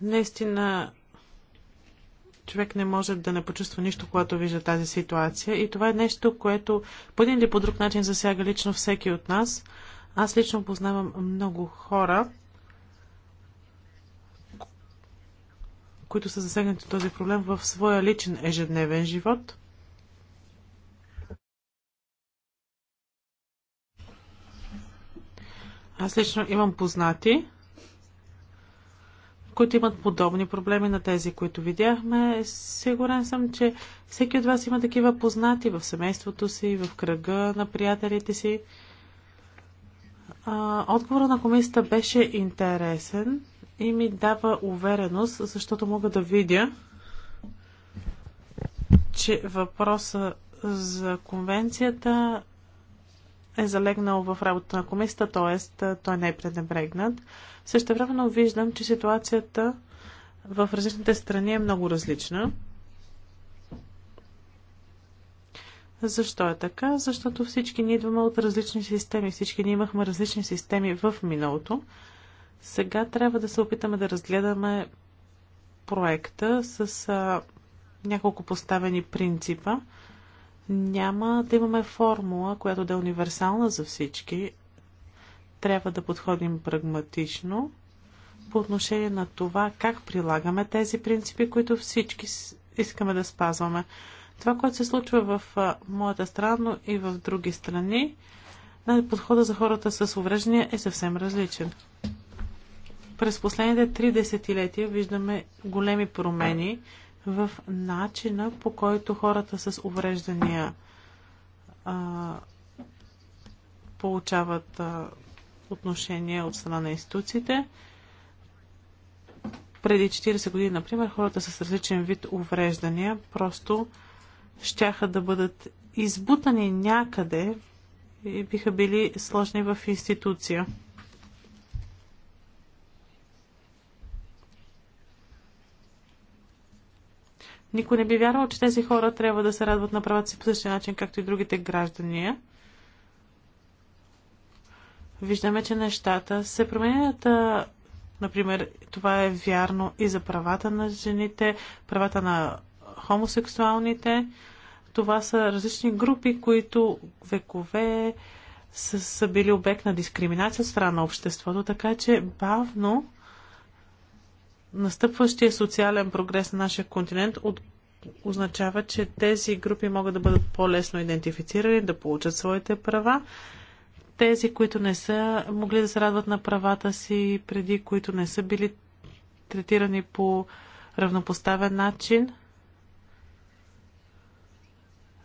Наистина, човек не може да не почувства нищо, когато вижда тази ситуация. И това е нещо, което по един или по друг начин засяга лично всеки от нас. Аз лично познавам много хора, които са засегнати от този проблем в своя личен ежедневен живот. Аз лично имам познати, които имат подобни проблеми на тези, които видяхме. Сигурен съм, че всеки от вас има такива познати в семейството си, в кръга на приятелите си. Отговорът на комисията беше интересен и ми дава увереност, защото мога да видя, че въпроса за конвенцията е залегнал в работа на комисията, т.е. той не е пренебрегнат. Също времено виждам, че ситуацията в различните страни е много различна. Защо е така? Защото всички ние идваме от различни системи. Всички ние имахме различни системи в миналото. Сега трябва да се опитаме да разгледаме проекта с а, няколко поставени принципа. Няма да имаме формула, която да е универсална за всички. Трябва да подходим прагматично по отношение на това как прилагаме тези принципи, които всички искаме да спазваме. Това, което се случва в а, моята страна, но и в други страни, подхода за хората с увреждания е съвсем различен. През последните три десетилетия виждаме големи промени в начина по който хората с увреждания а, получават а, отношение от страна на институциите. Преди 40 години, например, хората с различен вид увреждания просто щяха да бъдат избутани някъде и биха били сложни в институция. Никой не би вярвал, че тези хора трябва да се радват на правата си по същия начин, както и другите граждани. Виждаме, че нещата се променят. Например, това е вярно и за правата на жените, правата на хомосексуалните. Това са различни групи, които векове са, са били обект на дискриминация от страна на обществото, така че бавно настъпващия социален прогрес на нашия континент от означава, че тези групи могат да бъдат по-лесно идентифицирани, да получат своите права. Тези, които не са могли да се радват на правата си преди, които не са били третирани по равнопоставен начин,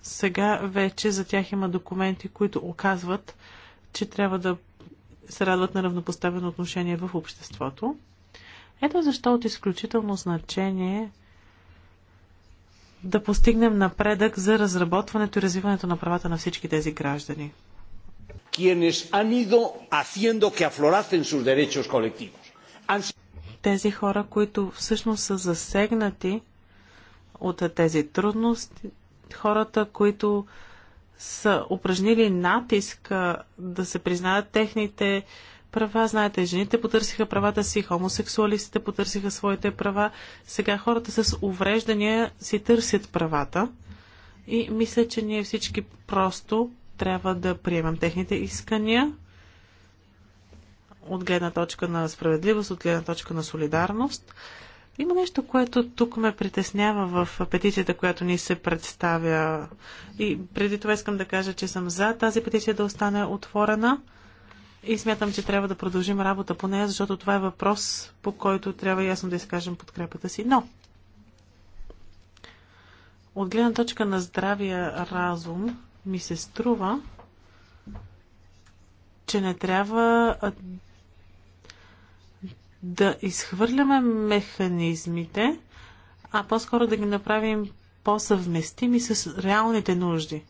сега вече за тях има документи, които оказват, че трябва да се радват на равнопоставено отношение в обществото. Ето защо от изключително значение да постигнем напредък за разработването и развиването на правата на всички тези граждани. Тези хора, които всъщност са засегнати от тези трудности, хората, които са упражнили натиск да се признаят техните права. Знаете, жените потърсиха правата си, хомосексуалистите потърсиха своите права. Сега хората с увреждания си търсят правата. И мисля, че ние всички просто трябва да приемам техните искания от гледна точка на справедливост, от гледна точка на солидарност. Има нещо, което тук ме притеснява в петицията, която ни се представя. И преди това искам да кажа, че съм за тази петиция да остане отворена. И смятам, че трябва да продължим работа по нея, защото това е въпрос, по който трябва ясно да изкажем подкрепата си. Но, от гледна точка на здравия разум, ми се струва, че не трябва да изхвърляме механизмите, а по-скоро да ги направим по-съвместими с реалните нужди.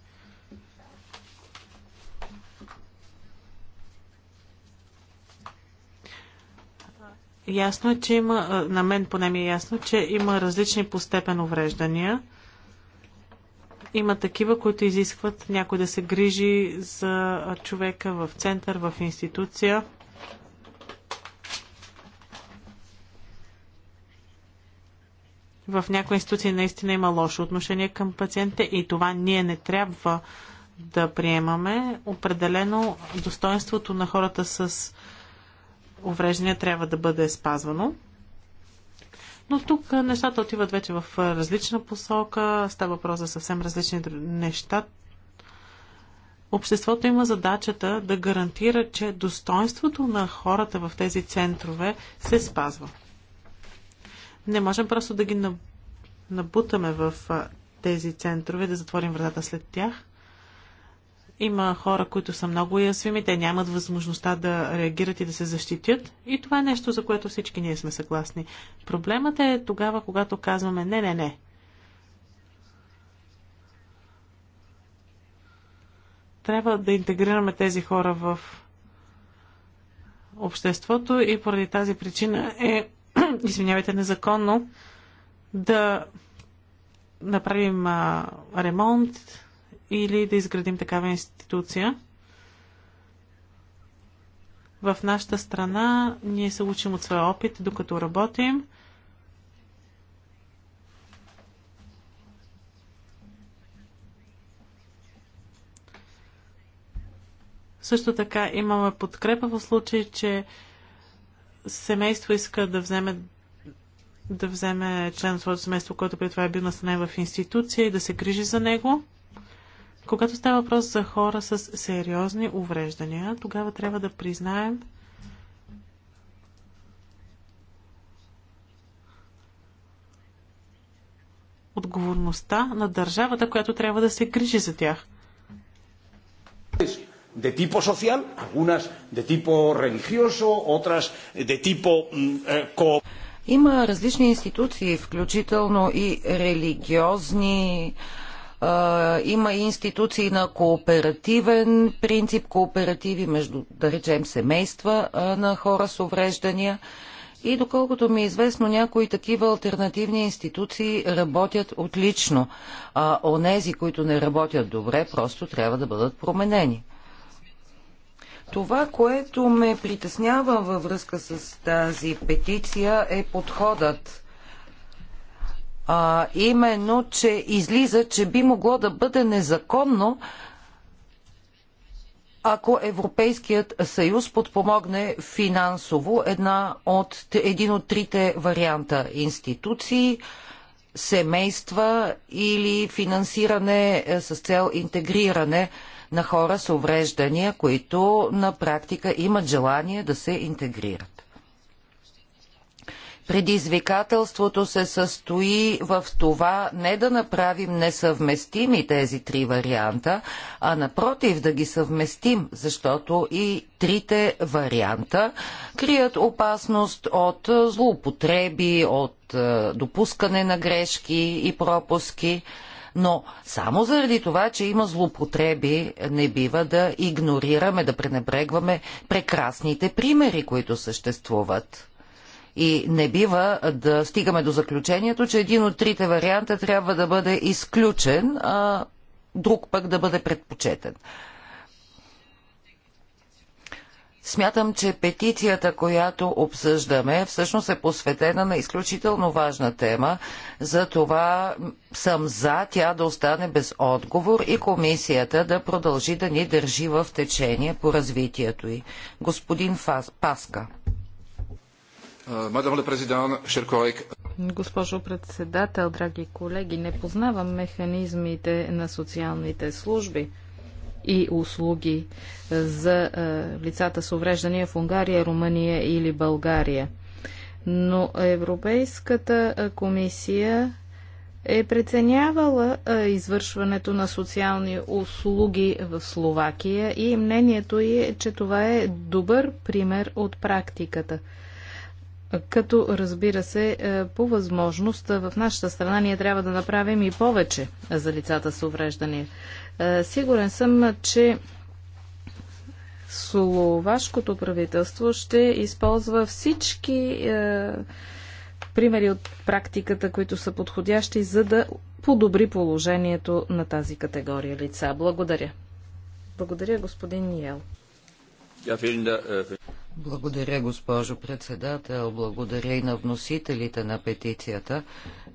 Ясно е, че има, на мен поне ми е ясно, че има различни по степен увреждания. Има такива, които изискват някой да се грижи за човека в център, в институция. В някои институции наистина има лошо отношение към пациентите и това ние не трябва да приемаме. Определено достоинството на хората с увреждания трябва да бъде спазвано. Но тук нещата отиват вече в различна посока, става въпрос за съвсем различни неща. Обществото има задачата да гарантира, че достоинството на хората в тези центрове се спазва. Не можем просто да ги набутаме в тези центрове, да затворим вратата след тях. Има хора, които са много уязвими, те нямат възможността да реагират и да се защитят. И това е нещо, за което всички ние сме съгласни. Проблемът е тогава, когато казваме не, не, не. Трябва да интегрираме тези хора в обществото и поради тази причина е, извинявайте, незаконно да направим а, ремонт, или да изградим такава институция. В нашата страна ние се учим от своя опит, докато работим. Също така имаме подкрепа в случай, че семейство иска да вземе да вземе член на своето семейство, който при това е бил настанен в институция и да се грижи за него. Когато става въпрос за хора с сериозни увреждания, тогава трябва да признаем, отговорността на държавата, която трябва да се грижи за тях. De tipo social, algunas de tipo religioso, otras de tipo mm, eh, Има различни институции, включително и религиозни, а, има и институции на кооперативен принцип, кооперативи между, да речем, семейства а, на хора с увреждания. И доколкото ми е известно, някои такива альтернативни институции работят отлично, а онези, които не работят добре, просто трябва да бъдат променени. Това, което ме притеснява във връзка с тази петиция е подходът а, именно, че излиза, че би могло да бъде незаконно ако Европейският съюз подпомогне финансово една от, един от трите варианта институции, семейства или финансиране е, с цел интегриране на хора с увреждания, които на практика имат желание да се интегрират. Предизвикателството се състои в това не да направим несъвместими тези три варианта, а напротив да ги съвместим, защото и трите варианта крият опасност от е, злоупотреби, от е, допускане на грешки и пропуски. Но само заради това, че има злоупотреби, не бива да игнорираме, да пренебрегваме прекрасните примери, които съществуват. И не бива да стигаме до заключението, че един от трите варианта трябва да бъде изключен, а друг пък да бъде предпочетен. Смятам, че петицията, която обсъждаме, всъщност е посветена на изключително важна тема. За това съм за тя да остане без отговор и комисията да продължи да ни държи в течение по развитието й. Господин Фас, Паска. Euh, Госпожо председател, драги колеги, не познавам механизмите на социалните служби и услуги за е, лицата с увреждания в Унгария, Румъния или България. Но Европейската е, комисия е преценявала е, извършването на социални услуги в Словакия и мнението й е, че това е добър пример от практиката – като разбира се, е, по възможност е, в нашата страна ние трябва да направим и повече за лицата с увреждания. Е, сигурен съм, че словашкото правителство ще използва всички е, примери от практиката, които са подходящи, за да подобри положението на тази категория лица. Благодаря. Благодаря, господин Ниел. Благодаря, госпожо председател. Благодаря и на вносителите на петицията.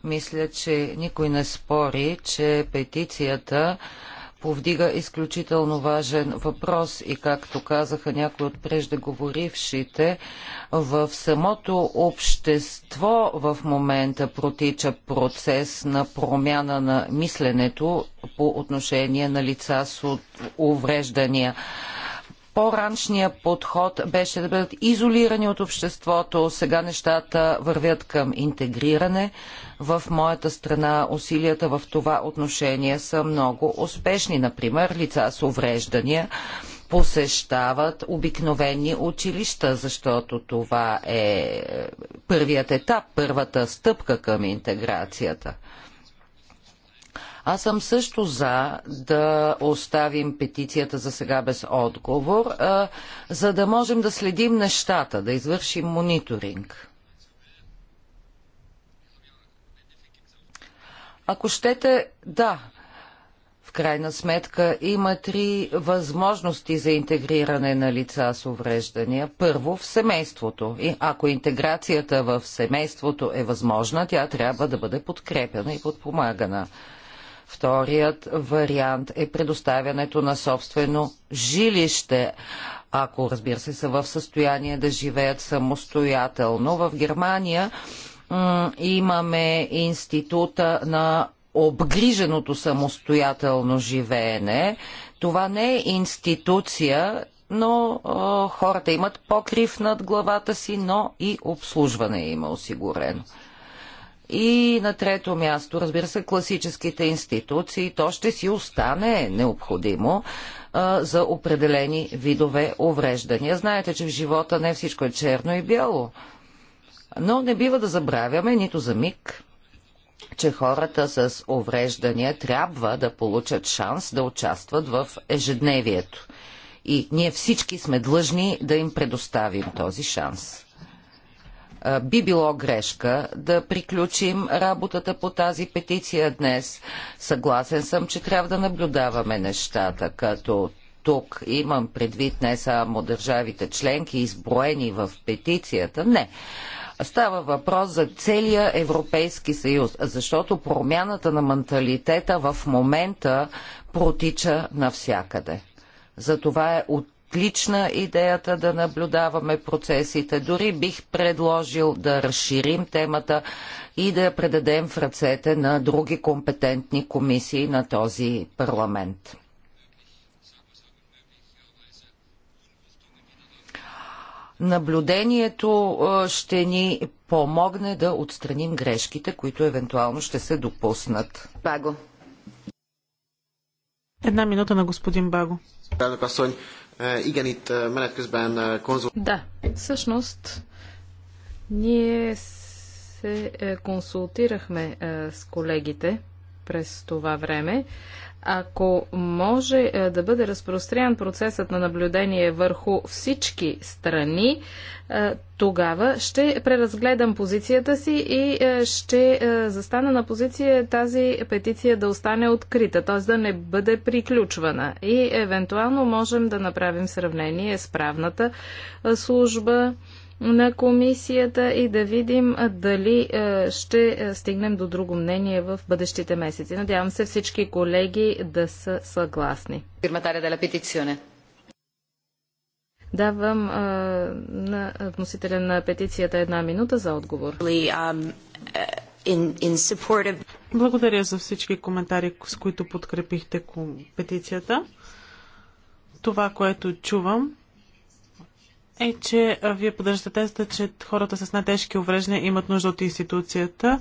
Мисля, че никой не спори, че петицията повдига изключително важен въпрос и както казаха някои от преждеговорившите, в самото общество в момента протича процес на промяна на мисленето по отношение на лица с увреждания. По-раншния подход беше да бъдат изолирани от обществото. Сега нещата вървят към интегриране. В моята страна усилията в това отношение са много успешни. Например, лица с увреждания посещават обикновени училища, защото това е първият етап, първата стъпка към интеграцията. Аз съм също за да оставим петицията за сега без отговор, а, за да можем да следим нещата, да извършим мониторинг. Ако щете, да, в крайна сметка има три възможности за интегриране на лица с увреждания. Първо, в семейството. И ако интеграцията в семейството е възможна, тя трябва да бъде подкрепена и подпомагана. Вторият вариант е предоставянето на собствено жилище, ако разбира се са в състояние да живеят самостоятелно. В Германия имаме института на обгриженото самостоятелно живеене. Това не е институция, но о, хората имат покрив над главата си, но и обслужване има е осигурено. И на трето място, разбира се, класическите институции. То ще си остане необходимо а, за определени видове увреждания. Знаете, че в живота не всичко е черно и бяло. Но не бива да забравяме нито за миг, че хората с увреждания трябва да получат шанс да участват в ежедневието. И ние всички сме длъжни да им предоставим този шанс. Би било грешка да приключим работата по тази петиция днес. Съгласен съм, че трябва да наблюдаваме нещата, като тук имам предвид не само държавите членки, изброени в петицията, не. Става въпрос за целия Европейски съюз, защото промяната на менталитета в момента протича навсякъде. Затова е от отлична идеята да наблюдаваме процесите. Дори бих предложил да разширим темата и да я предадем в ръцете на други компетентни комисии на този парламент. Наблюдението ще ни помогне да отстраним грешките, които евентуално ще се допуснат. Баго. Една минута на господин Баго. Е, е, е, да, всъщност ние се консултирахме с колегите през това време. Ако може е, да бъде разпрострян процесът на наблюдение върху всички страни, е, тогава ще преразгледам позицията си и е, ще застана на позиция тази петиция да остане открита, т.е. да не бъде приключвана. И евентуално можем да направим сравнение с правната служба на комисията и да видим дали ще стигнем до друго мнение в бъдещите месеци. Надявам се всички колеги да са съгласни. Давам а, на относителя на петицията една минута за отговор. Е, Благодаря за всички коментари, с които подкрепихте петицията. Това, което чувам, е, че вие поддържате тезата, че хората с най-тежки увреждания имат нужда от институцията.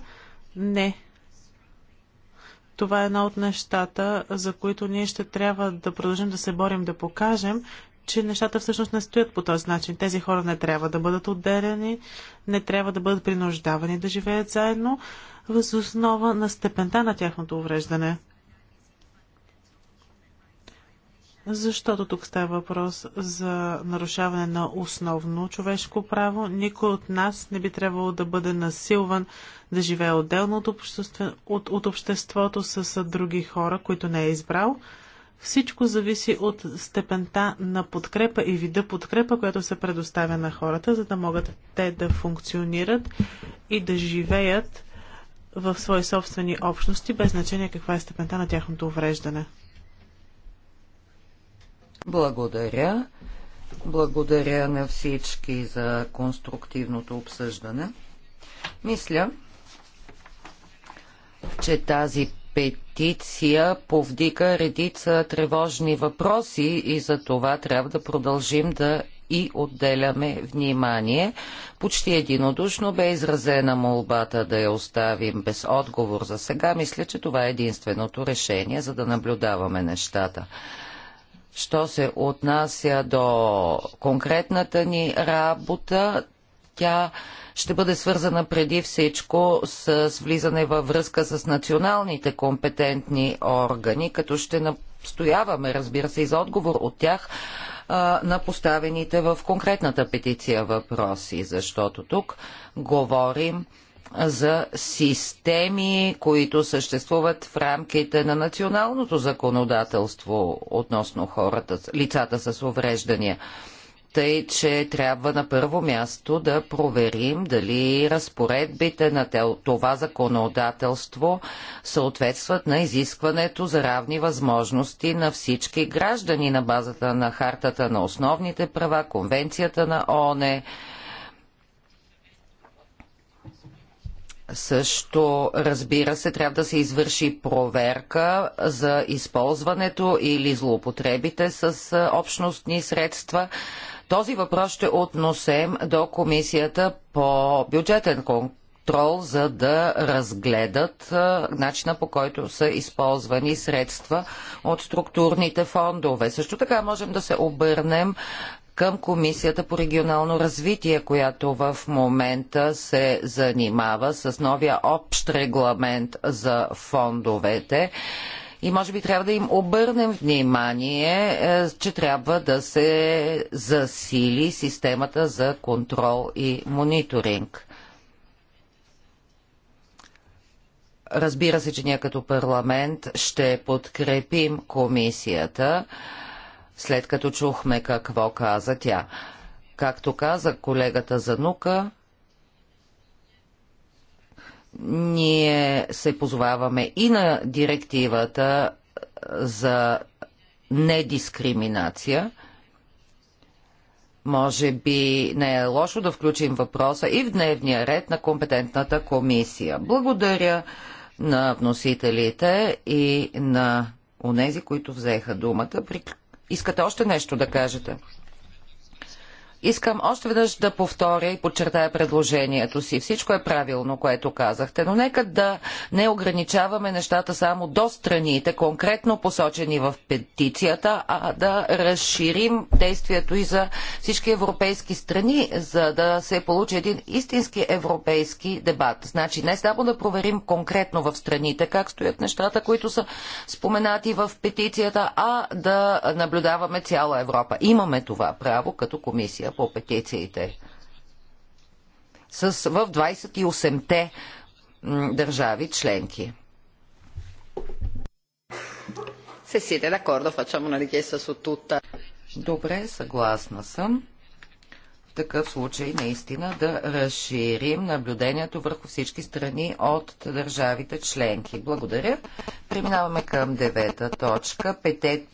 Не. Това е една от нещата, за които ние ще трябва да продължим да се борим, да покажем, че нещата всъщност не стоят по този начин. Тези хора не трябва да бъдат отделени, не трябва да бъдат принуждавани да живеят заедно, възоснова основа на степента на тяхното увреждане. защото тук става въпрос за нарушаване на основно човешко право. Никой от нас не би трябвало да бъде насилван да живее отделно от, обществе, от, от обществото с, с други хора, които не е избрал. Всичко зависи от степента на подкрепа и вида подкрепа, която се предоставя на хората, за да могат те да функционират и да живеят в свои собствени общности, без значение каква е степента на тяхното увреждане. Благодаря. Благодаря на всички за конструктивното обсъждане. Мисля, че тази петиция повдига редица тревожни въпроси и за това трябва да продължим да и отделяме внимание. Почти единодушно бе изразена молбата да я оставим без отговор за сега. Мисля, че това е единственото решение, за да наблюдаваме нещата. Що се отнася до конкретната ни работа, тя ще бъде свързана преди всичко с влизане във връзка с националните компетентни органи, като ще настояваме, разбира се, и за отговор от тях на поставените в конкретната петиция въпроси, защото тук говорим за системи, които съществуват в рамките на националното законодателство относно хората, лицата с увреждания. Тъй, че трябва на първо място да проверим дали разпоредбите на това законодателство съответстват на изискването за равни възможности на всички граждани на базата на хартата на основните права, конвенцията на ОНЕ, Също, разбира се, трябва да се извърши проверка за използването или злоупотребите с общностни средства. Този въпрос ще относем до комисията по бюджетен контрол, за да разгледат начина по който са използвани средства от структурните фондове. Също така можем да се обърнем към Комисията по регионално развитие, която в момента се занимава с новия общ регламент за фондовете и може би трябва да им обърнем внимание, е, че трябва да се засили системата за контрол и мониторинг. Разбира се, че ние като парламент ще подкрепим комисията след като чухме какво каза тя. Както каза колегата Занука, ние се позоваваме и на директивата за недискриминация. Може би не е лошо да включим въпроса и в дневния ред на компетентната комисия. Благодаря на вносителите и на онези, които взеха думата. Искате още нещо да кажете? Искам още веднъж да повторя и подчертая предложението си. Всичко е правилно, което казахте, но нека да не ограничаваме нещата само до страните, конкретно посочени в петицията, а да разширим действието и за всички европейски страни, за да се получи един истински европейски дебат. Значи не само да проверим конкретно в страните как стоят нещата, които са споменати в петицията, а да наблюдаваме цяла Европа. Имаме това право като комисия по петициите с, в 28-те държави членки. Се сите d'accordo, facciamo una richiesta su tutta. Добре, съгласна съм в такъв случай наистина да разширим наблюдението върху всички страни от държавите членки. Благодаря. Преминаваме към девета точка.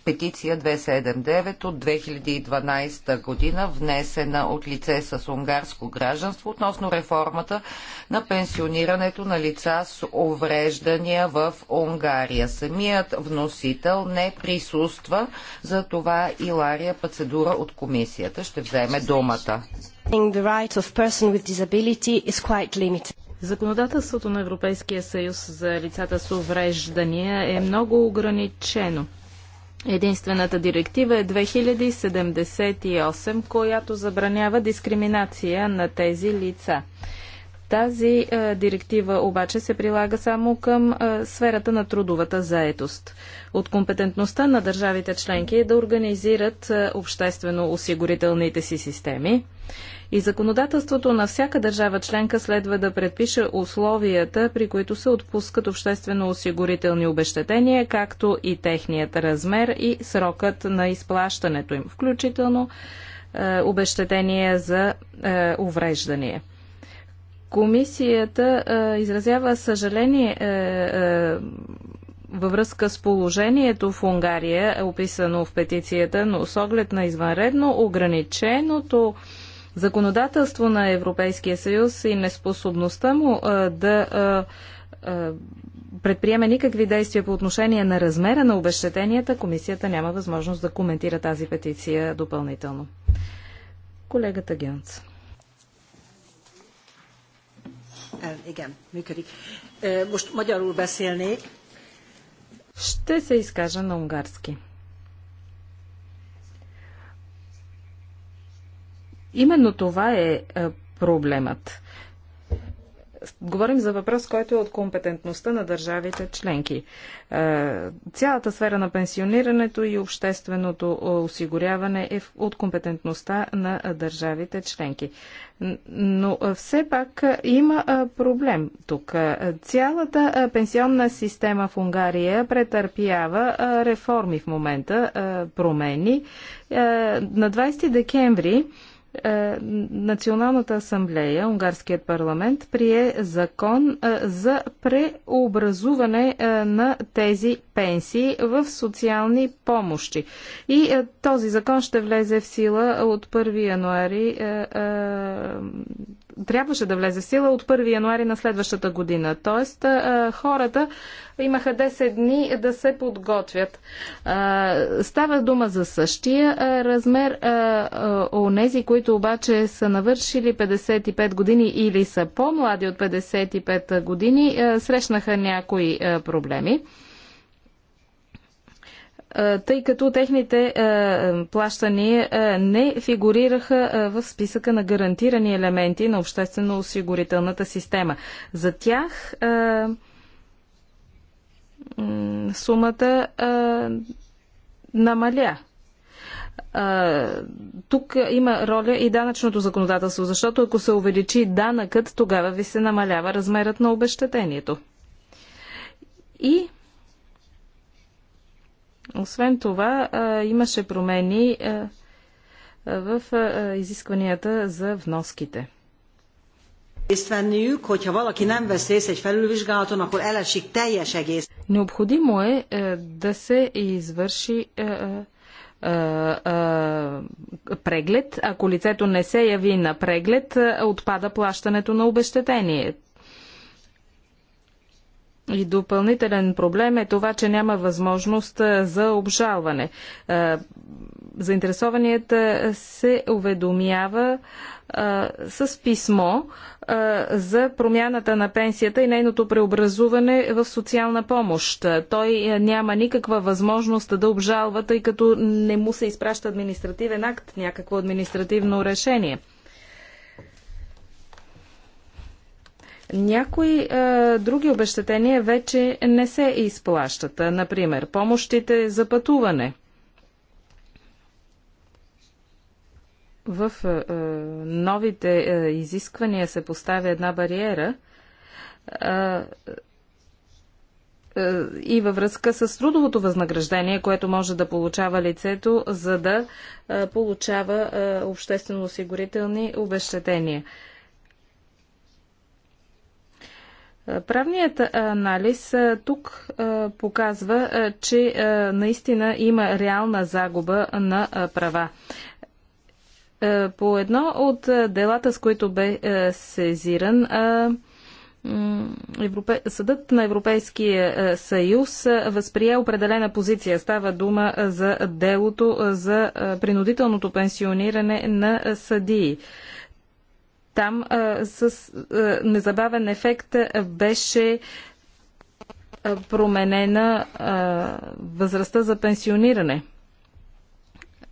петиция 279 от 2012 година, внесена от лице с унгарско гражданство относно реформата на пенсионирането на лица с увреждания в Унгария. Самият вносител не присъства, за това Илария Пацедура от комисията ще вземе думата. Законодателството на Европейския съюз за лицата с увреждания е много ограничено. Единствената директива е 2078, която забранява дискриминация на тези лица. Тази е, директива обаче се прилага само към е, сферата на трудовата заетост. От компетентността на държавите членки е да организират е, обществено осигурителните си системи и законодателството на всяка държава членка следва да предпише условията, при които се отпускат обществено-осигурителни обещетения, както и техният размер и срокът на изплащането им, включително е, обещетения за е, увреждания. Комисията е, изразява съжаление. Е, е, във връзка с положението в Унгария, е описано в петицията, но с оглед на извънредно ограниченото е, законодателство на Европейския съюз и неспособността му да предприеме никакви действия по отношение на размера на обещетенията, комисията няма възможност да коментира тази петиция допълнително. Колегата Генц. Е, е, Ще се изкажа на унгарски. Именно това е, е проблемът. Говорим за въпрос, който е от компетентността на държавите членки. Е, цялата сфера на пенсионирането и общественото е, осигуряване е от компетентността на държавите членки. Но все пак има проблем тук. Цялата пенсионна система в Унгария претърпява реформи в момента, промени. На 20 декември е, Националната асамблея, Унгарският парламент, прие закон е, за преобразуване е, на тези пенсии в социални помощи. И този закон ще влезе в сила от 1 януари трябваше да влезе в сила от 1 януари на следващата година. Тоест, хората имаха 10 дни да се подготвят. Става дума за същия размер. Онези, които обаче са навършили 55 години или са по-млади от 55 години, срещнаха някои проблеми тъй като техните плащания не фигурираха в списъка на гарантирани елементи на обществено-осигурителната система. За тях сумата намаля тук има роля и данъчното законодателство, защото ако се увеличи данъкът, тогава ви се намалява размерът на обещатението. И освен това, имаше промени в изискванията за вноските. Необходимо е, е да се извърши е, е, преглед. Ако лицето не се яви на преглед, отпада плащането на обещетение. И допълнителен проблем е това, че няма възможност за обжалване. Заинтересованият се уведомява с писмо за промяната на пенсията и нейното преобразуване в социална помощ. Той няма никаква възможност да обжалва, тъй като не му се изпраща административен акт, някакво административно решение. Някои е, други обещетения вече не се изплащат. Например, помощите за пътуване. В е, е, новите е, изисквания се поставя една бариера е, е, и във връзка с трудовото възнаграждение, което може да получава лицето, за да е, получава е, обществено осигурителни обещетения. Правният анализ тук показва, че наистина има реална загуба на права. По едно от делата, с които бе сезиран, Съдът на Европейския съюз възприе определена позиция. Става дума за делото за принудителното пенсиониране на съдии. Там а, с а, незабавен ефект а, беше а, променена а, възрастта за пенсиониране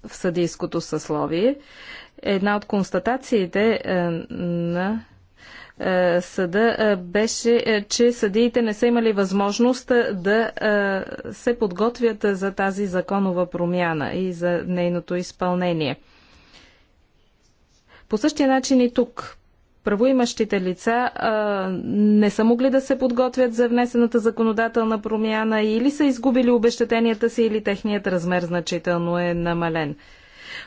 в съдийското съсловие. Една от констатациите а, на съда беше, че съдиите не са имали възможност да се подготвят за тази законова промяна и за нейното изпълнение. По същия начин и тук правоимащите лица а, не са могли да се подготвят за внесената законодателна промяна или са изгубили обещетенията си или техният размер значително е намален.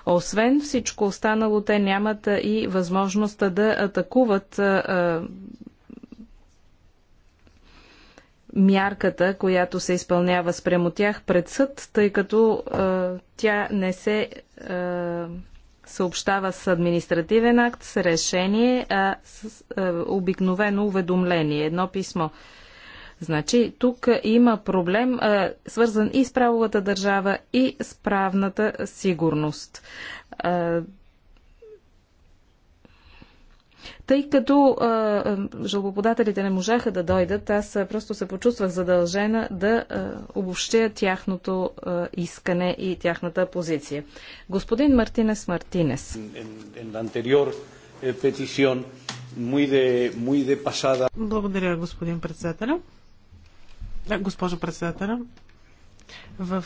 Освен всичко останало, те нямат и възможността да атакуват а, мярката, която се изпълнява спрямо тях пред съд, тъй като а, тя не се а, съобщава с административен акт, с решение, а с а, обикновено уведомление, едно писмо. Значи, тук има проблем, а, свързан и с правовата държава, и с правната сигурност. А, Тъй като жалбоподателите не можаха да дойдат, аз просто се почувствах задължена да обобщя тяхното искане и тяхната позиция. Господин Мартинес Мартинес. Благодаря, господин председателя. Госпожо председателя, в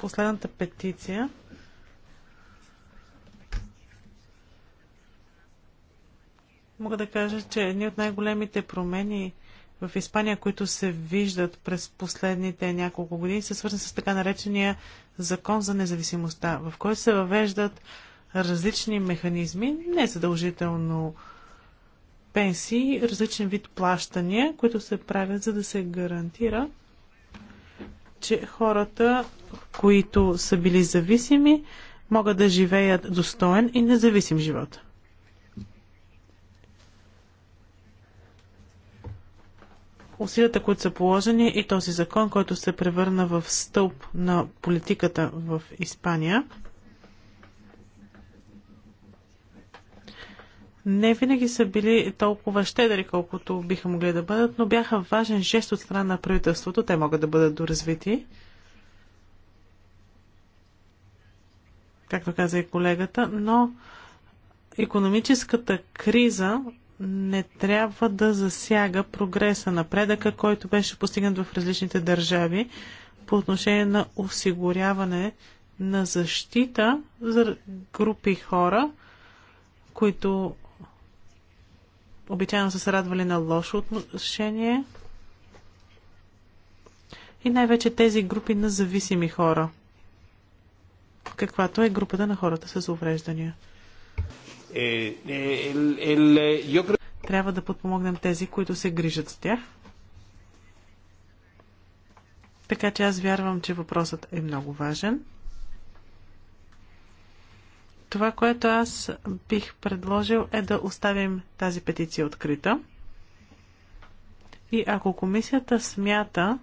последната петиция мога да кажа, че едни от най-големите промени в Испания, които се виждат през последните няколко години, се свързани с така наречения закон за независимостта, в който се въвеждат различни механизми, не задължително пенсии, различен вид плащания, които се правят, за да се гарантира, че хората, които са били зависими, могат да живеят достоен и независим живот. усилията, които са положени и този закон, който се превърна в стълб на политиката в Испания. Не винаги са били толкова щедри, колкото биха могли да бъдат, но бяха важен жест от страна на правителството. Те могат да бъдат доразвити. Както каза и колегата, но економическата криза не трябва да засяга прогреса, напредъка, който беше постигнат в различните държави по отношение на осигуряване на защита за групи хора, които обичайно са се радвали на лошо отношение и най-вече тези групи на зависими хора, каквато е групата на хората с увреждания. Е, е, е, трябва да подпомогнем тези, които се грижат с тях. Така че аз вярвам, че въпросът е много важен. Това, което аз бих предложил е да оставим тази петиция открита. И ако комисията смята,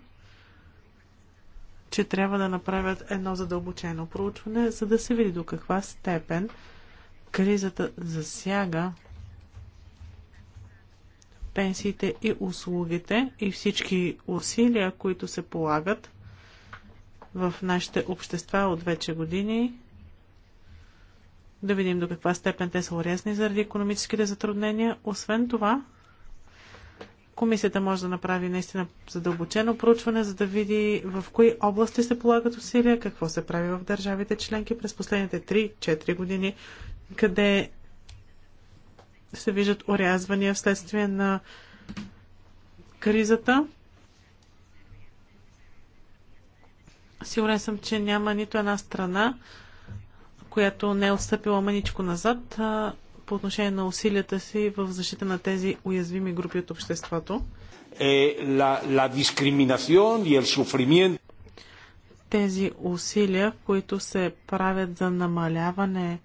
че трябва да направят едно задълбочено проучване, за да се види до каква степен Кризата засяга пенсиите и услугите и всички усилия, които се полагат в нашите общества от вече години. Да видим до каква степен те са урезни заради економическите затруднения. Освен това, комисията може да направи наистина задълбочено проучване, за да види в кои области се полагат усилия, какво се прави в държавите членки през последните 3-4 години, къде се виждат орязвания вследствие на кризата. Сигурен съм, че няма нито една страна, която не е отстъпила маничко назад а, по отношение на усилията си в защита на тези уязвими групи от обществото. Е, la, la тези усилия, които се правят за намаляване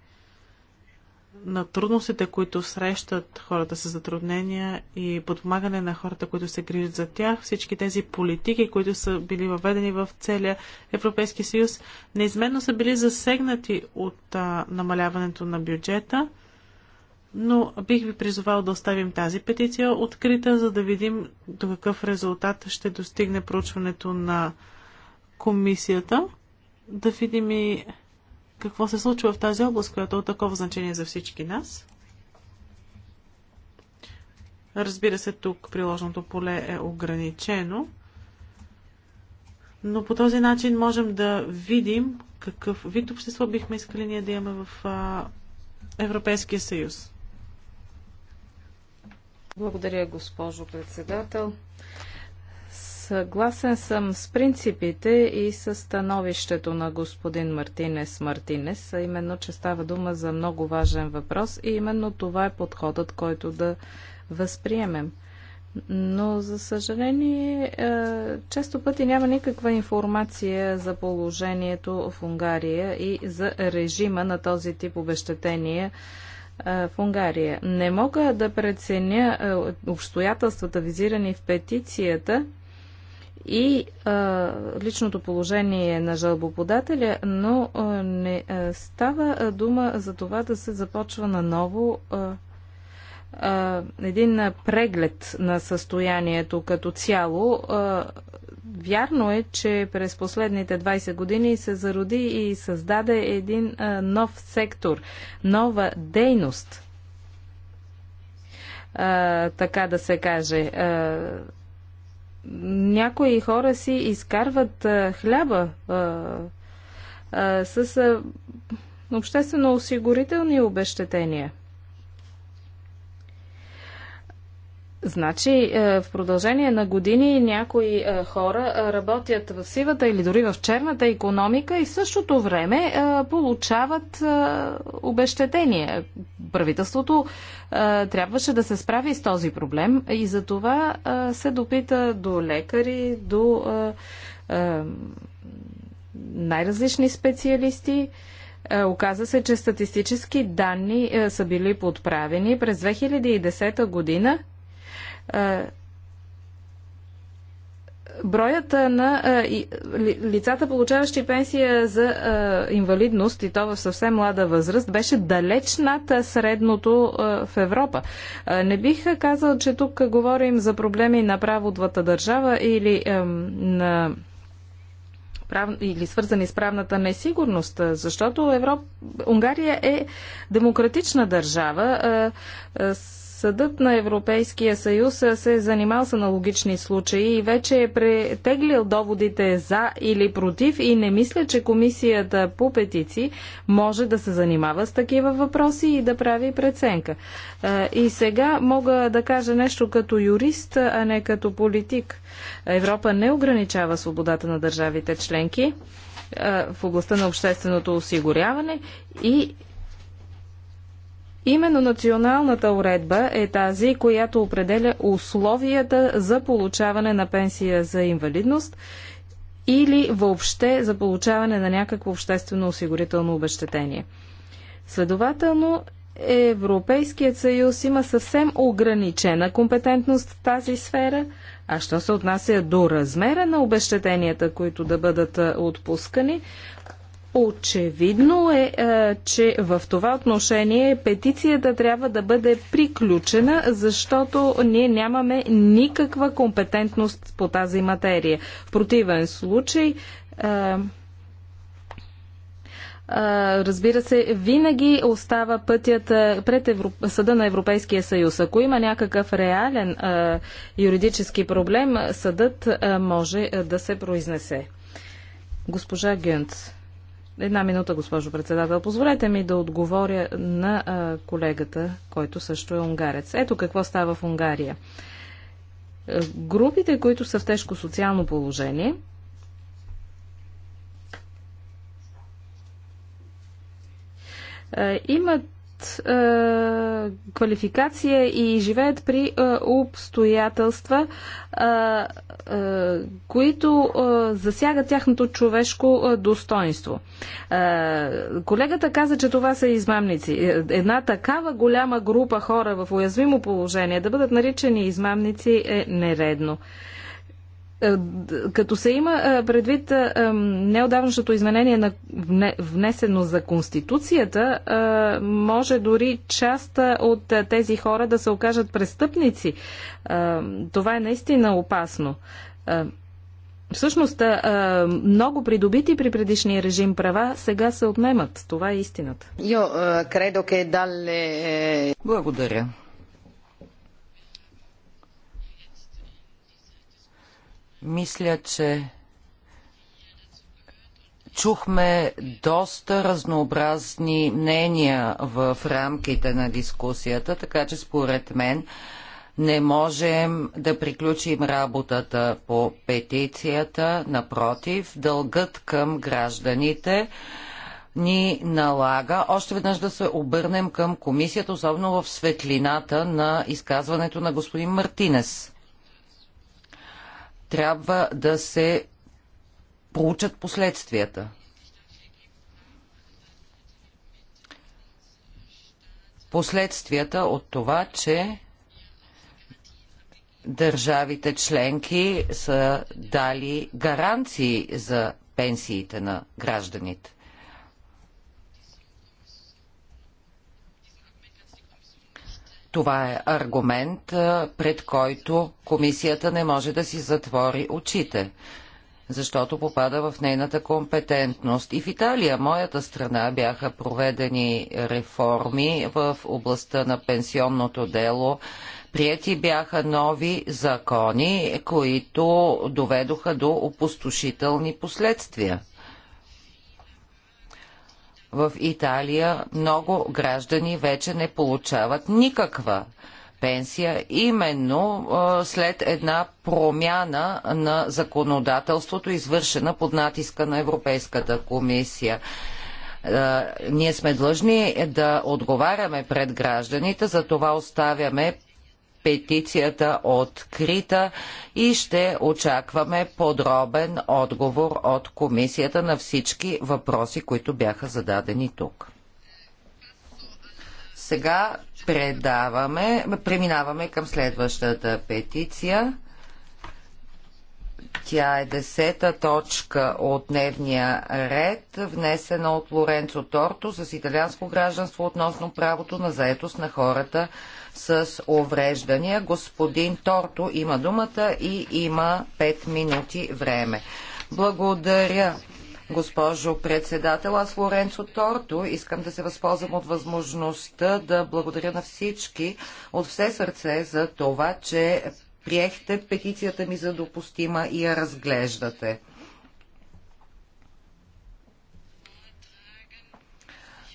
на трудностите, които срещат хората с затруднения и подпомагане на хората, които се грижат за тях, всички тези политики, които са били въведени в целия Европейски съюз, неизменно са били засегнати от а, намаляването на бюджета, но бих ви призовал да оставим тази петиция открита, за да видим до какъв резултат ще достигне проучването на комисията. Да видим и какво се случва в тази област, която е от такова значение за всички нас. Разбира се, тук приложното поле е ограничено, но по този начин можем да видим какъв вид общество бихме искали ние да имаме в а, Европейския съюз. Благодаря, госпожо председател. Съгласен съм с принципите и с становището на господин Мартинес Мартинес, а именно, че става дума за много важен въпрос и именно това е подходът, който да възприемем. Но, за съжаление, е, често пъти няма никаква информация за положението в Унгария и за режима на този тип обещетения е, в Унгария. Не мога да преценя е, обстоятелствата, визирани в петицията, и а, личното положение на жалбоподателя, но а, не а, става дума за това да се започва наново а, а, един а, преглед на състоянието като цяло. А, вярно е, че през последните 20 години се зароди и създаде един а, нов сектор, нова дейност, а, така да се каже. А, някои хора си изкарват а, хляба а, а, с обществено-осигурителни обещетения. Значи, е, в продължение на години някои е, хора е, работят в сивата или дори в черната економика и в същото време получават обещетение. Правителството трябваше да се справи с този проблем и за това се допита до лекари, до най-различни специалисти. Оказа се, че статистически данни са били подправени. През 2010 година е, броят е, на е, лицата, получаващи пенсия за инвалидност и то в съвсем млада възраст, беше далеч над средното в Европа. Не бих казал, че тук говорим за проблеми на праводвата държава или на или свързани с правната несигурност, защото Европ... Унгария е демократична държава с Съдът на Европейския съюз се е занимал с аналогични случаи и вече е претеглил доводите за или против и не мисля, че комисията по петиции може да се занимава с такива въпроси и да прави преценка. И сега мога да кажа нещо като юрист, а не като политик. Европа не ограничава свободата на държавите членки в областта на общественото осигуряване и Именно националната уредба е тази, която определя условията за получаване на пенсия за инвалидност или въобще за получаване на някакво обществено осигурително обещетение. Следователно, Европейският съюз има съвсем ограничена компетентност в тази сфера, а що се отнася до размера на обещетенията, които да бъдат отпускани, Очевидно е, е, че в това отношение петицията трябва да бъде приключена, защото ние нямаме никаква компетентност по тази материя. В противен случай. Е, е, разбира се, винаги остава пътят пред Съда на Европейския съюз. Ако има някакъв реален юридически проблем, съдът може да се произнесе. Госпожа Гюнц. Една минута, госпожо председател. Позволете ми да отговоря на а, колегата, който също е унгарец. Ето какво става в Унгария. Групите, които са в тежко социално положение, имат е, квалификация и живеят при е, обстоятелства, е, е, които е, засягат тяхното човешко е, достоинство. Е, колегата каза, че това са измамници. Е, една такава голяма група хора в уязвимо положение да бъдат наричани измамници е нередно. Е, е, като се има е, предвид е, неодавнашното изменение на внесено за Конституцията, може дори част от тези хора да се окажат престъпници. Това е наистина опасно. Всъщност, много придобити при предишния режим права сега се отнемат. Това е истината. Благодаря. Мисля, че чухме доста разнообразни мнения в рамките на дискусията, така че според мен не можем да приключим работата по петицията. Напротив, дългът към гражданите ни налага още веднъж да се обърнем към комисията, особено в светлината на изказването на господин Мартинес трябва да се проучат последствията. Последствията от това, че държавите членки са дали гаранции за пенсиите на гражданите. Това е аргумент, пред който комисията не може да си затвори очите, защото попада в нейната компетентност. И в Италия, моята страна, бяха проведени реформи в областта на пенсионното дело. Прияти бяха нови закони, които доведоха до опустошителни последствия в Италия много граждани вече не получават никаква пенсия, именно след една промяна на законодателството, извършена под натиска на Европейската комисия ние сме длъжни да отговаряме пред гражданите, за това оставяме петицията открита и ще очакваме подробен отговор от комисията на всички въпроси, които бяха зададени тук. Сега предаваме, преминаваме към следващата петиция. Тя е десета точка от дневния ред, внесена от Лоренцо Торто с италианско гражданство относно правото на заетост на хората с увреждания. Господин Торто има думата и има 5 минути време. Благодаря, госпожо председател. Аз Лоренцо Торто искам да се възползвам от възможността да благодаря на всички от все сърце за това, че приехте петицията ми за допустима и я разглеждате.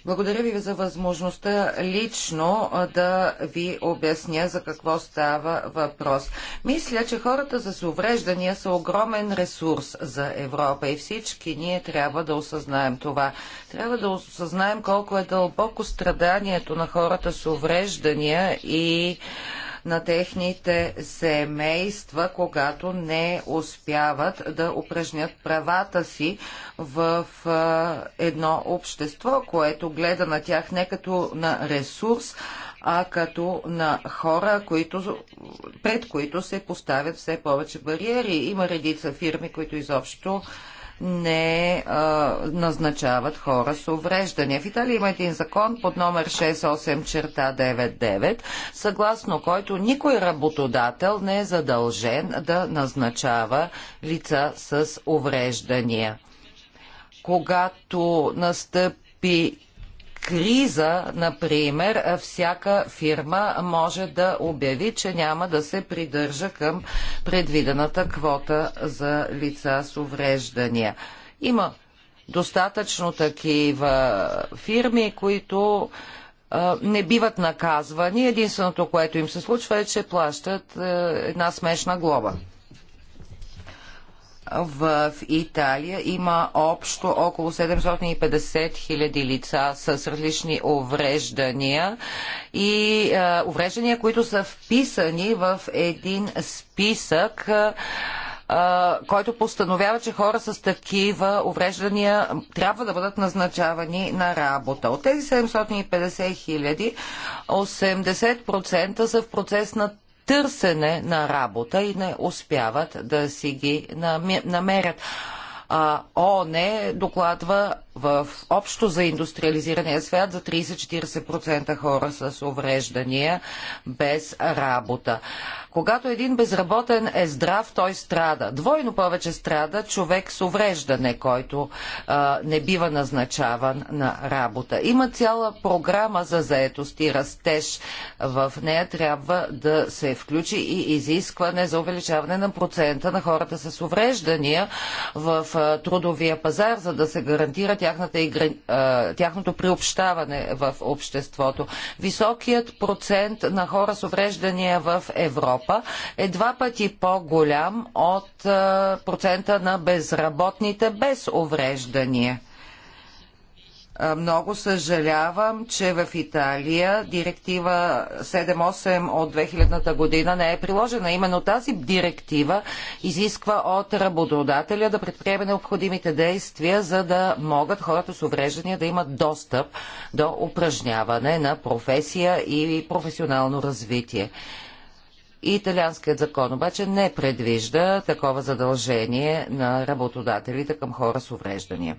Благодаря ви за възможността лично да ви обясня за какво става въпрос. Мисля, че хората с увреждания са огромен ресурс за Европа и всички ние трябва да осъзнаем това. Трябва да осъзнаем колко е дълбоко страданието на хората с увреждания и на техните семейства, когато не успяват да упражнят правата си в едно общество, което гледа на тях не като на ресурс, а като на хора, които, пред които се поставят все повече бариери. Има редица фирми, които изобщо не а, назначават хора с увреждания. В Италия има един закон под номер 68 черта 99, съгласно който никой работодател не е задължен да назначава лица с увреждания. Когато настъпи криза, например, всяка фирма може да обяви, че няма да се придържа към предвидената квота за лица с увреждания. Има достатъчно такива фирми, които не биват наказвани. Единственото, което им се случва е, че плащат една смешна глоба в Италия има общо около 750 хиляди лица с различни увреждания и е, увреждания, които са вписани в един списък, е, е, който постановява, че хора с такива увреждания трябва да бъдат назначавани на работа. От тези 750 хиляди, 80% са в процес на търсене на работа и не успяват да си ги намерят. ООН е, докладва в общо за индустриализирания свят за 30-40% хора с увреждания без работа. Когато един безработен е здрав, той страда. Двойно повече страда човек с увреждане, който а, не бива назначаван на работа. Има цяла програма за заетост и растеж. В нея трябва да се включи и изискване за увеличаване на процента на хората с увреждания в а, трудовия пазар, за да се гарантират тяхната, тяхното приобщаване в обществото. Високият процент на хора с увреждания в Европа е два пъти по-голям от процента на безработните без увреждания. Много съжалявам, че в Италия директива 7-8 от 2000 година не е приложена. Именно тази директива изисква от работодателя да предприеме необходимите действия, за да могат хората с увреждания да имат достъп до упражняване на професия и професионално развитие. Италианският закон обаче не предвижда такова задължение на работодателите към хора с увреждания.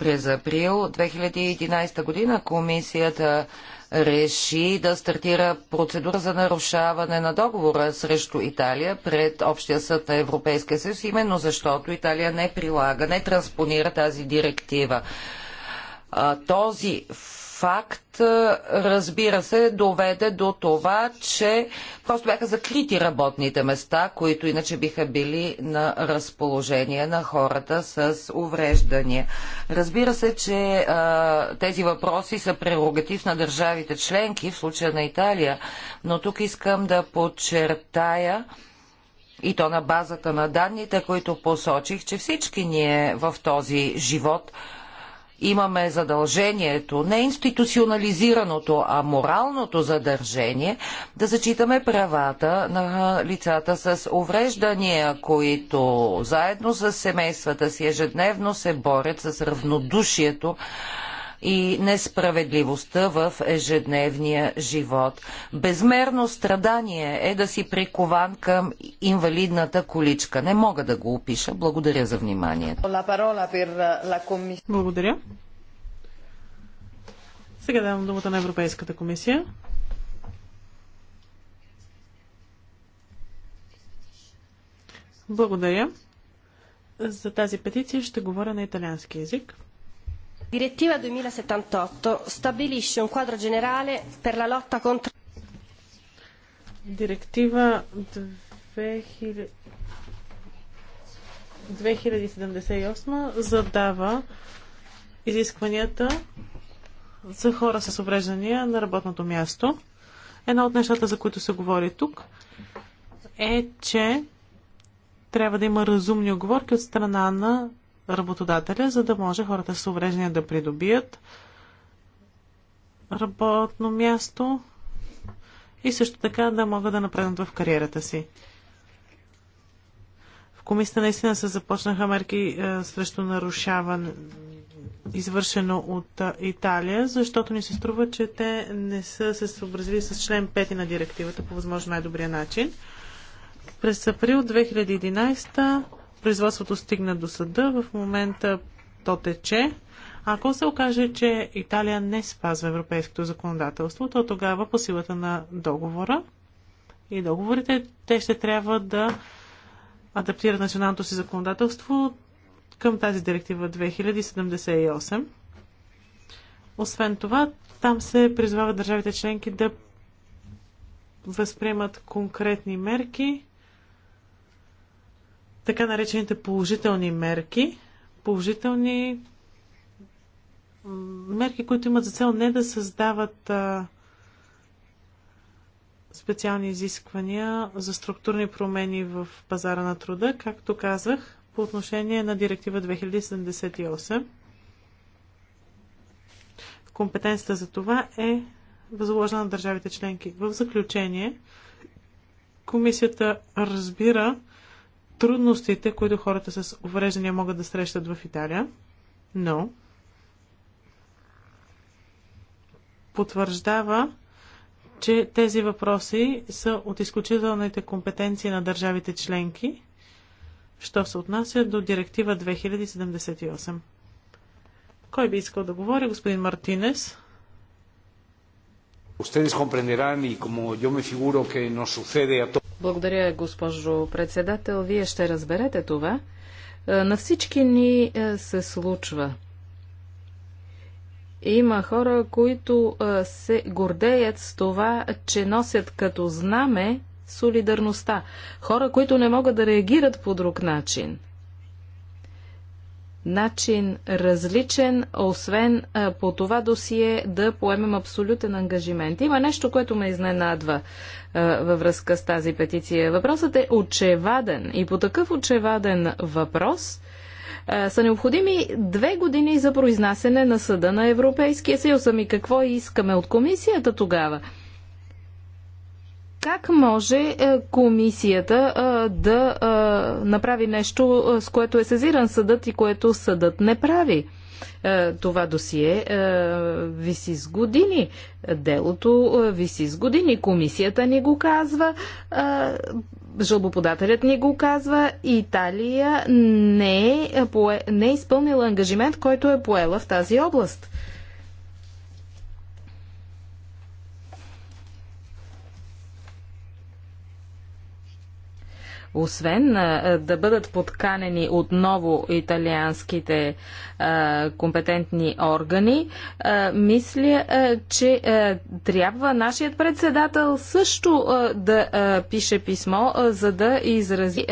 През април 2011 година комисията реши да стартира процедура за нарушаване на договора срещу Италия пред Общия съд на Европейския съюз, именно защото Италия не прилага, не транспонира тази директива. Този факт, разбира се, доведе до това, че просто бяха закрити работните места, които иначе биха били на разположение на хората с увреждания. Разбира се, че а, тези въпроси са прерогатив на държавите членки, в случая на Италия, но тук искам да подчертая, и то на базата на данните, които посочих, че всички ние в този живот – имаме задължението, не институционализираното, а моралното задължение, да зачитаме правата на лицата с увреждания, които заедно с семействата си ежедневно се борят с равнодушието и несправедливостта в ежедневния живот. Безмерно страдание е да си прикован към инвалидната количка. Не мога да го опиша. Благодаря за вниманието. Благодаря. Сега давам думата на Европейската комисия. Благодаря. За тази петиция ще говоря на италиански язик. Direttiva 2078 stabilisce un quadro generale per la lotta contro... Директива 2078 задава изискванията за хора с увреждания на работното място. Една от нещата, за които се говори тук, е, че трябва да има разумни оговорки от страна на работодателя, за да може хората с увреждания да придобият работно място и също така да могат да напреднат в кариерата си. В комисията наистина се започнаха мерки е, срещу нарушаване, извършено от е, Италия, защото ни се струва, че те не са се съобразили с член 5 на директивата по възможно най-добрия начин. През април 2011 производството стигна до съда, в момента то тече. Ако се окаже, че Италия не спазва европейското законодателство, то тогава по силата на договора и договорите, те ще трябва да адаптират националното си законодателство към тази директива 2078. Освен това, там се призвават държавите членки да възприемат конкретни мерки така наречените положителни мерки, положителни мерки, които имат за цел не да създават а, специални изисквания за структурни промени в пазара на труда, както казах, по отношение на директива 2078. Компетенцията за това е възложена на държавите членки. В заключение, комисията разбира трудностите, които хората с увреждания могат да срещат в Италия, но потвърждава, че тези въпроси са от изключителните компетенции на държавите членки, що се отнася до директива 2078. Кой би искал да говори? Господин Мартинес. Ustedes comprenderán y como yo me figuro que nos sucede a todos. Благодаря, госпожо председател. Вие ще разберете това. Е, на всички ни е, се случва. Има хора, които е, се гордеят с това, че носят като знаме солидарността. Хора, които не могат да реагират по друг начин – начин различен, освен а, по това досие да поемем абсолютен ангажимент. Има нещо, което ме изненадва а, във връзка с тази петиция. Въпросът е очеваден и по такъв очеваден въпрос а, са необходими две години за произнасене на съда на Европейския съюз. Ами какво искаме от комисията тогава? Как може е, комисията е, да е, направи нещо, с което е сезиран съдът и което съдът не прави? това досие виси с години. Делото виси с години. Комисията ни го казва, жълбоподателят ни го казва. Италия не е, не е изпълнила ангажимент, който е поела в тази област. освен да бъдат подканени отново италианските компетентни органи, мисля, че трябва нашият председател също да пише писмо, за да изрази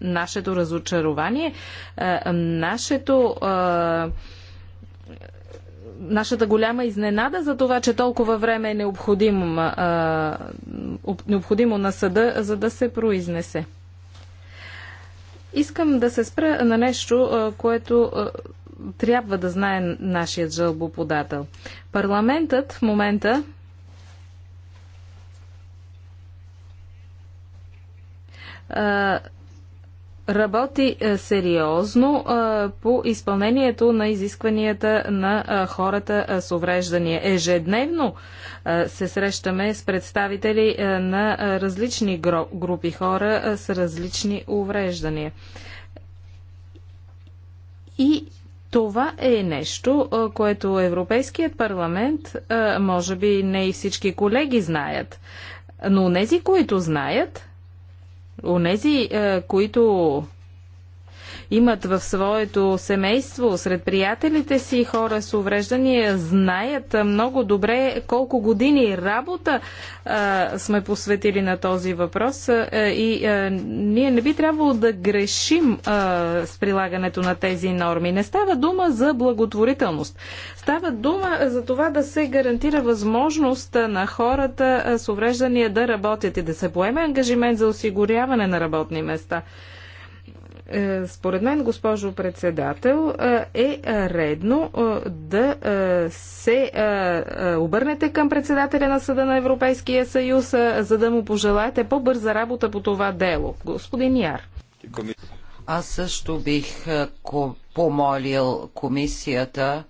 нашето разочарование, нашето нашата голяма изненада за това, че толкова време е необходимо, а, необходимо на съда, за да се произнесе. Искам да се спра на нещо, което трябва да знае нашият жълбоподател. Парламентът в момента работи е, сериозно е, по изпълнението на изискванията на е, хората с увреждания. Ежедневно се срещаме с представители на различни групи хора с различни увреждания. И това е нещо, което Европейският парламент, може би не и всички колеги знаят, но тези, които знаят, Онези, е, които имат в своето семейство, сред приятелите си хора с увреждания, знаят много добре колко години работа а, сме посветили на този въпрос а, и а, ние не би трябвало да грешим а, с прилагането на тези норми. Не става дума за благотворителност. Става дума за това да се гарантира възможност на хората с увреждания да работят и да се поеме ангажимент за осигуряване на работни места. Е, според мен, госпожо председател, е, е редно е, да се обърнете към председателя на Съда на Европейския съюз, за да му пожелаете по-бърза работа по това дело. Господин Яр. Аз също бих помолил комисията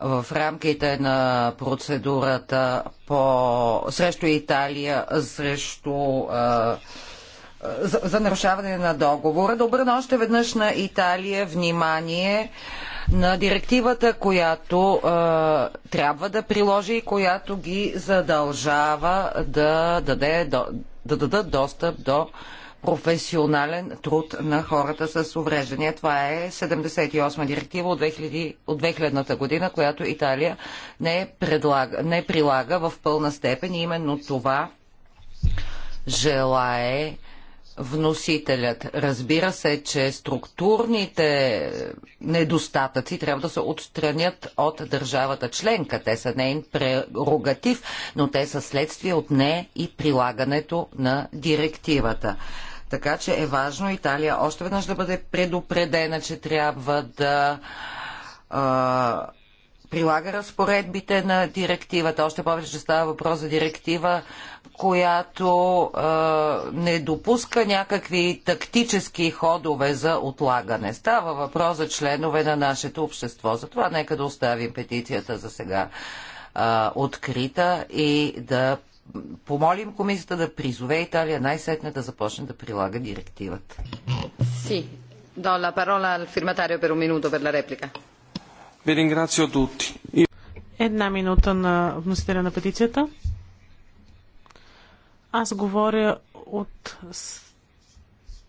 в рамките на процедурата по... срещу Италия, срещу за, за нарушаване на договора. Да обърна още веднъж на Италия внимание на директивата, която е, трябва да приложи и която ги задължава да, даде, да, дадат достъп до професионален труд на хората с увреждания. Това е 78 директива от, 2000, от 2000 година, която Италия не, е предлага, не прилага в пълна степен и именно това желае вносителят. Разбира се, че структурните недостатъци трябва да се отстранят от държавата членка. Те са нейн прерогатив, но те са следствие от не и прилагането на директивата. Така че е важно Италия още веднъж да бъде предупредена, че трябва да а, прилага разпоредбите на директивата. Още повече, че става въпрос за директива, която а, не допуска някакви тактически ходове за отлагане. Става въпрос за членове на нашето общество. Затова нека да оставим петицията за сега а, открита и да помолим комисията да призове Италия най-сетне да започне да прилага директивата. Си, до la parola al firmatario per un minuto per la replica. ringrazio tutti. Една минута на вносителя на петицията. Аз говоря от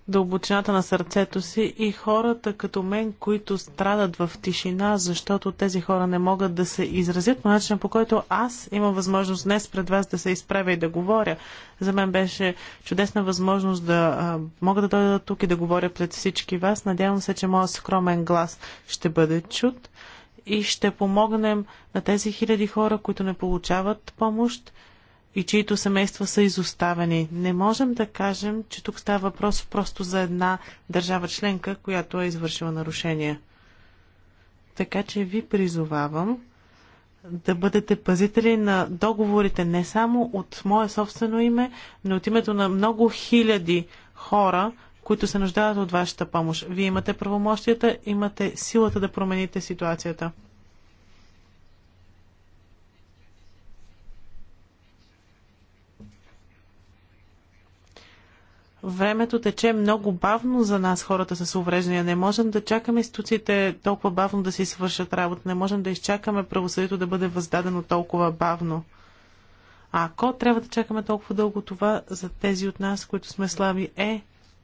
дълбочината на сърцето си и хората като мен, които страдат в тишина, защото тези хора не могат да се изразят по начина, по който аз имам възможност днес пред вас да се изправя и да говоря. За мен беше чудесна възможност да а, мога да дойда тук и да говоря пред всички вас. Надявам се, че моят скромен глас ще бъде чут и ще помогнем на тези хиляди хора, които не получават помощ и чието семейства са изоставени. Не можем да кажем, че тук става въпрос просто за една държава членка, която е извършила нарушение. Така че ви призовавам да бъдете пазители на договорите не само от мое собствено име, но от името на много хиляди хора, които се нуждаят от вашата помощ. Вие имате правомощията, имате силата да промените ситуацията. Времето тече много бавно за нас, хората с увреждания. Не можем да чакаме институциите толкова бавно да си свършат работа. Не можем да изчакаме правосъдието да бъде въздадено толкова бавно. А ако трябва да чакаме толкова дълго това за тези от нас, които сме слаби, е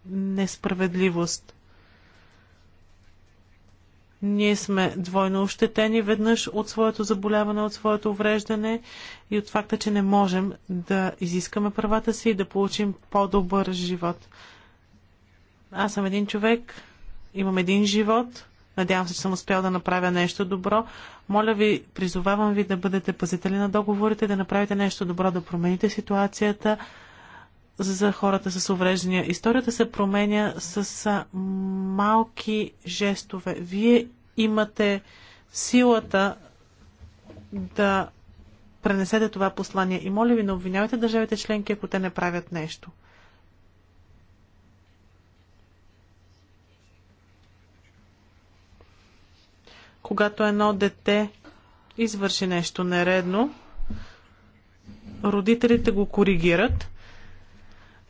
несправедливост. Ние сме двойно ощетени веднъж от своето заболяване, от своето увреждане и от факта, че не можем да изискаме правата си и да получим по-добър живот. Аз съм един човек, имам един живот, надявам се, че съм успял да направя нещо добро. Моля ви, призовавам ви да бъдете пазители на договорите, да направите нещо добро, да промените ситуацията, за хората с увреждания. Историята се променя с малки жестове. Вие имате силата да пренесете това послание. И моля ви, не обвинявайте държавите членки, ако те не правят нещо. Когато едно дете извърши нещо нередно, родителите го коригират –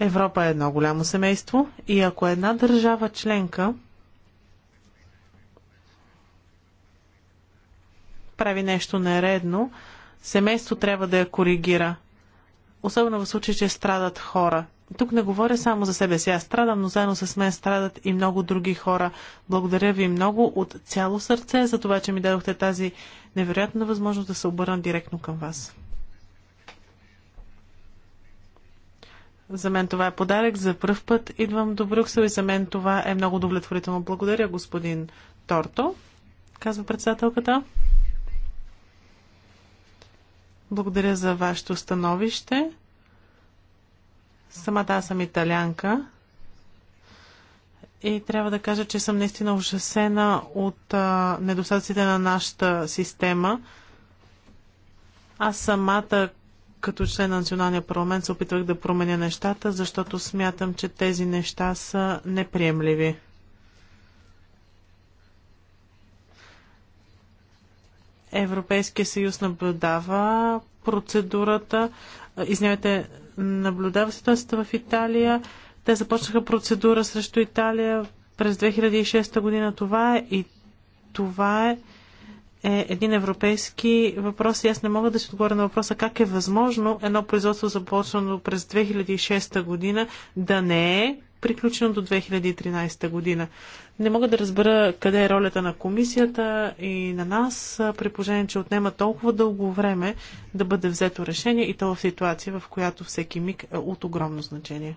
Европа е едно голямо семейство и ако една държава членка прави нещо нередно, семейство трябва да я коригира. Особено в случай, че страдат хора. Тук не говоря само за себе си. Аз страдам, но заедно с мен страдат и много други хора. Благодаря ви много от цяло сърце за това, че ми дадохте тази невероятна възможност да се обърна директно към вас. За мен това е подарък. За първ път идвам до Брюксел и за мен това е много удовлетворително. Благодаря, господин Торто, казва председателката. Благодаря за вашето становище. Самата аз съм италянка и трябва да кажа, че съм наистина ужасена от недостатъците на нашата система. Аз самата като член на националния парламент се опитвах да променя нещата, защото смятам, че тези неща са неприемливи. Европейския съюз наблюдава процедурата, извинявайте, наблюдава ситуацията в Италия. Те започнаха процедура срещу Италия през 2006 година. Това е и това е е един европейски въпрос и аз не мога да си отговоря на въпроса как е възможно едно производство започнано през 2006 година да не е приключено до 2013 година. Не мога да разбера къде е ролята на комисията и на нас, при положение, че отнема толкова дълго време да бъде взето решение и то в ситуация, в която всеки миг е от огромно значение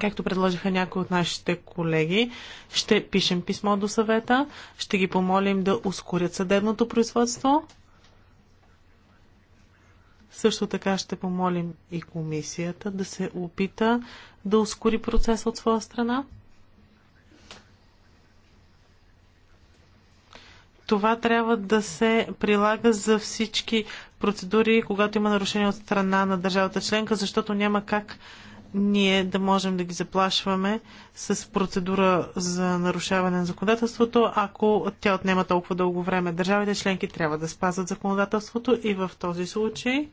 както предложиха някои от нашите колеги, ще пишем писмо до съвета, ще ги помолим да ускорят съдебното производство. Също така ще помолим и комисията да се опита да ускори процеса от своя страна. Това трябва да се прилага за всички процедури, когато има нарушение от страна на държавата членка, защото няма как ние да можем да ги заплашваме с процедура за нарушаване на законодателството, ако тя отнема толкова дълго време. Държавите членки трябва да спазват законодателството и в този случай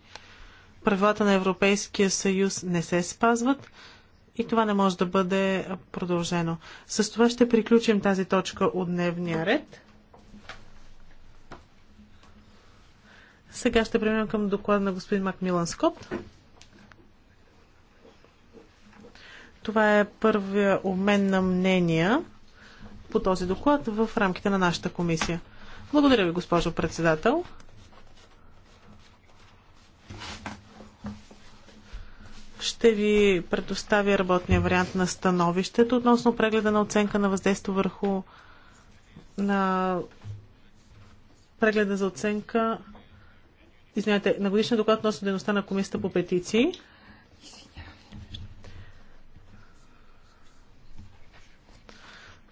правилата на Европейския съюз не се спазват и това не може да бъде продължено. С това ще приключим тази точка от дневния ред. Сега ще преминем към доклада на господин Макмилан Скот. Това е първия обмен на мнения по този доклад в рамките на нашата комисия. Благодаря ви, госпожо председател. ще ви предоставя работния вариант на становището относно прегледа на оценка на въздействие върху на прегледа за оценка извинете, на годишния доклад относно дейността на комисията по петиции.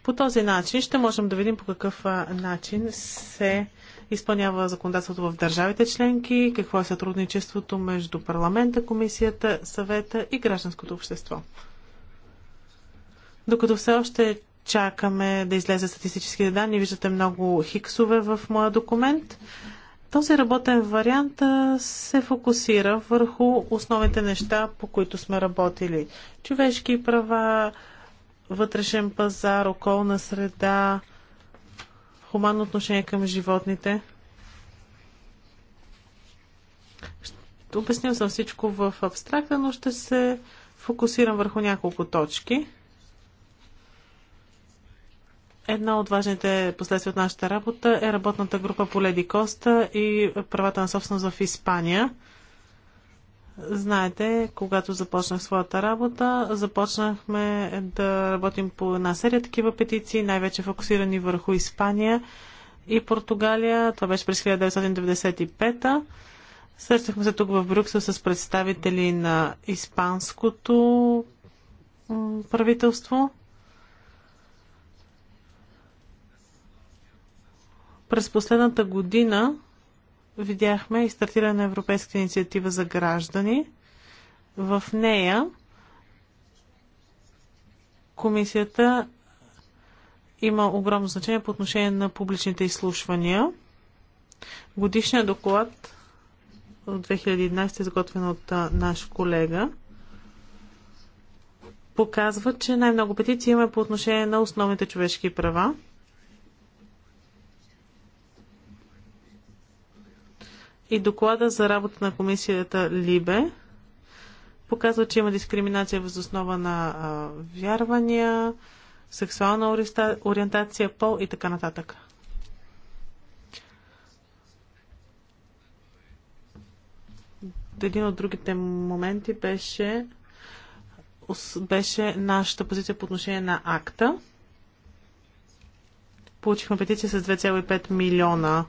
По този начин ще можем да видим по какъв начин се изпълнява законодателството в държавите членки, какво е сътрудничеството между парламента, комисията, съвета и гражданското общество. Докато все още чакаме да излезе статистическите данни, виждате много хиксове в моя документ. Този работен вариант се фокусира върху основните неща, по които сме работили. Човешки права, вътрешен пазар, околна среда, хуманно отношение към животните. Ще обяснил съм всичко в абстракта, но ще се фокусирам върху няколко точки. Една от важните последствия от нашата работа е работната група по Леди Коста и правата на собственост в Испания – Знаете, когато започнах своята работа, започнахме да работим по една серия такива петиции, най-вече фокусирани върху Испания и Португалия. Това беше през 1995-та. Срещахме се тук в Брюксел с представители на испанското правителство. През последната година видяхме и стартиране на Европейска инициатива за граждани. В нея комисията има огромно значение по отношение на публичните изслушвания. Годишният доклад от 2011, е изготвен от наш колега, показва, че най-много петиции има по отношение на основните човешки права. и доклада за работа на комисията Либе показва, че има дискриминация въз основа на а, вярвания, сексуална ориентация, пол и така нататък. Един от другите моменти беше, беше нашата позиция по отношение на акта. Получихме петиция с 2,5 милиона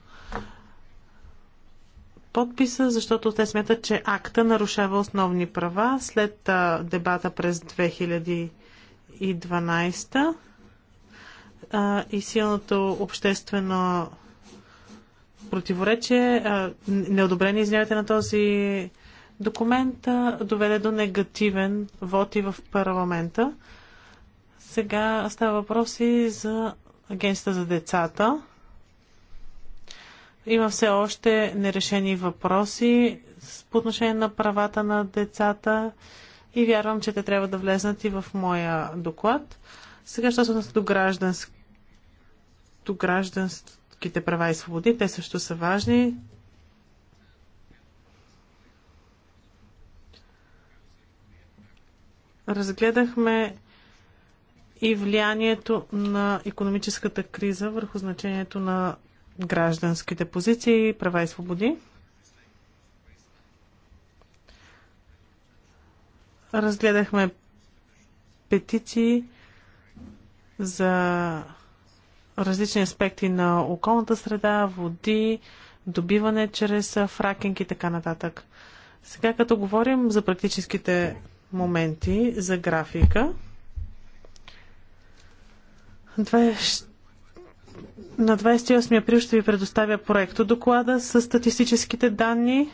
подписа, защото те смятат, че акта нарушава основни права след а, дебата през 2012 а, и силното обществено противоречие, а, неодобрение, извинявайте, на този документ а, доведе до негативен вод и в парламента. Сега става въпроси за Агенцията за децата. Има все още нерешени въпроси по отношение на правата на децата и вярвам, че те трябва да влезнат и в моя доклад. Сега ще се до, гражданс... до гражданските права и свободи. Те също са важни. Разгледахме и влиянието на економическата криза върху значението на гражданските позиции, права и свободи. Разгледахме петиции за различни аспекти на околната среда, води, добиване чрез фракинг и така нататък. Сега като говорим за практическите моменти, за графика, на 28 април ще ви предоставя проекто доклада с статистическите данни.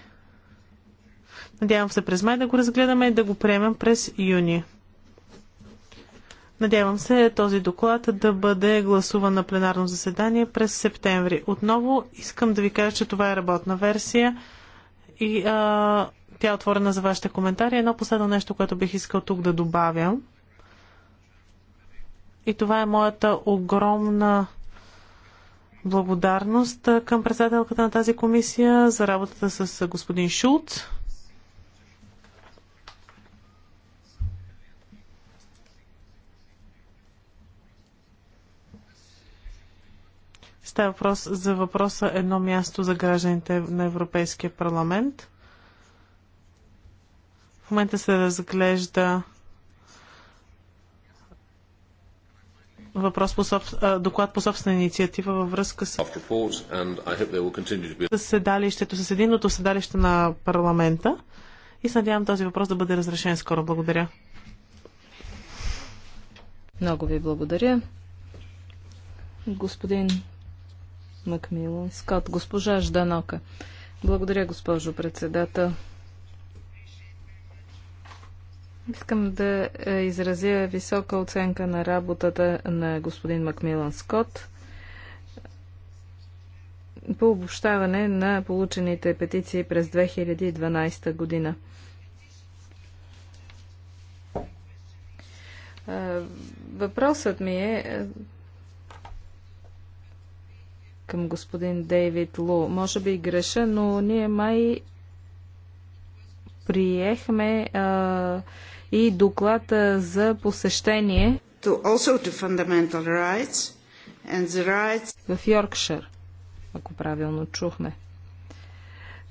Надявам се през май да го разгледаме и да го приемем през юни. Надявам се този доклад да бъде гласуван на пленарно заседание през септември. Отново искам да ви кажа, че това е работна версия и а, тя е отворена за вашите коментари. Едно последно нещо, което бих искал тук да добавя. И това е моята огромна благодарност към председателката на тази комисия за работата с господин Шулц. Става въпрос за въпроса едно място за гражданите на Европейския парламент. В момента се разглежда въпрос по доклад по собствена инициатива във връзка с седалището, с единното седалище на парламента и се надявам този въпрос да бъде разрешен скоро. Благодаря. Много ви благодаря. Господин Макмилан Скот, госпожа Жданока. Благодаря, госпожо председател. Искам да е, изразя висока оценка на работата на господин Макмилан Скотт по обобщаване на получените петиции през 2012 година. Е, въпросът ми е, е към господин Дейвид Лу. Може би греша, но ние май приехме а, и доклад а, за посещение to also to fundamental rights and the rights в Йоркшир, ако правилно чухме.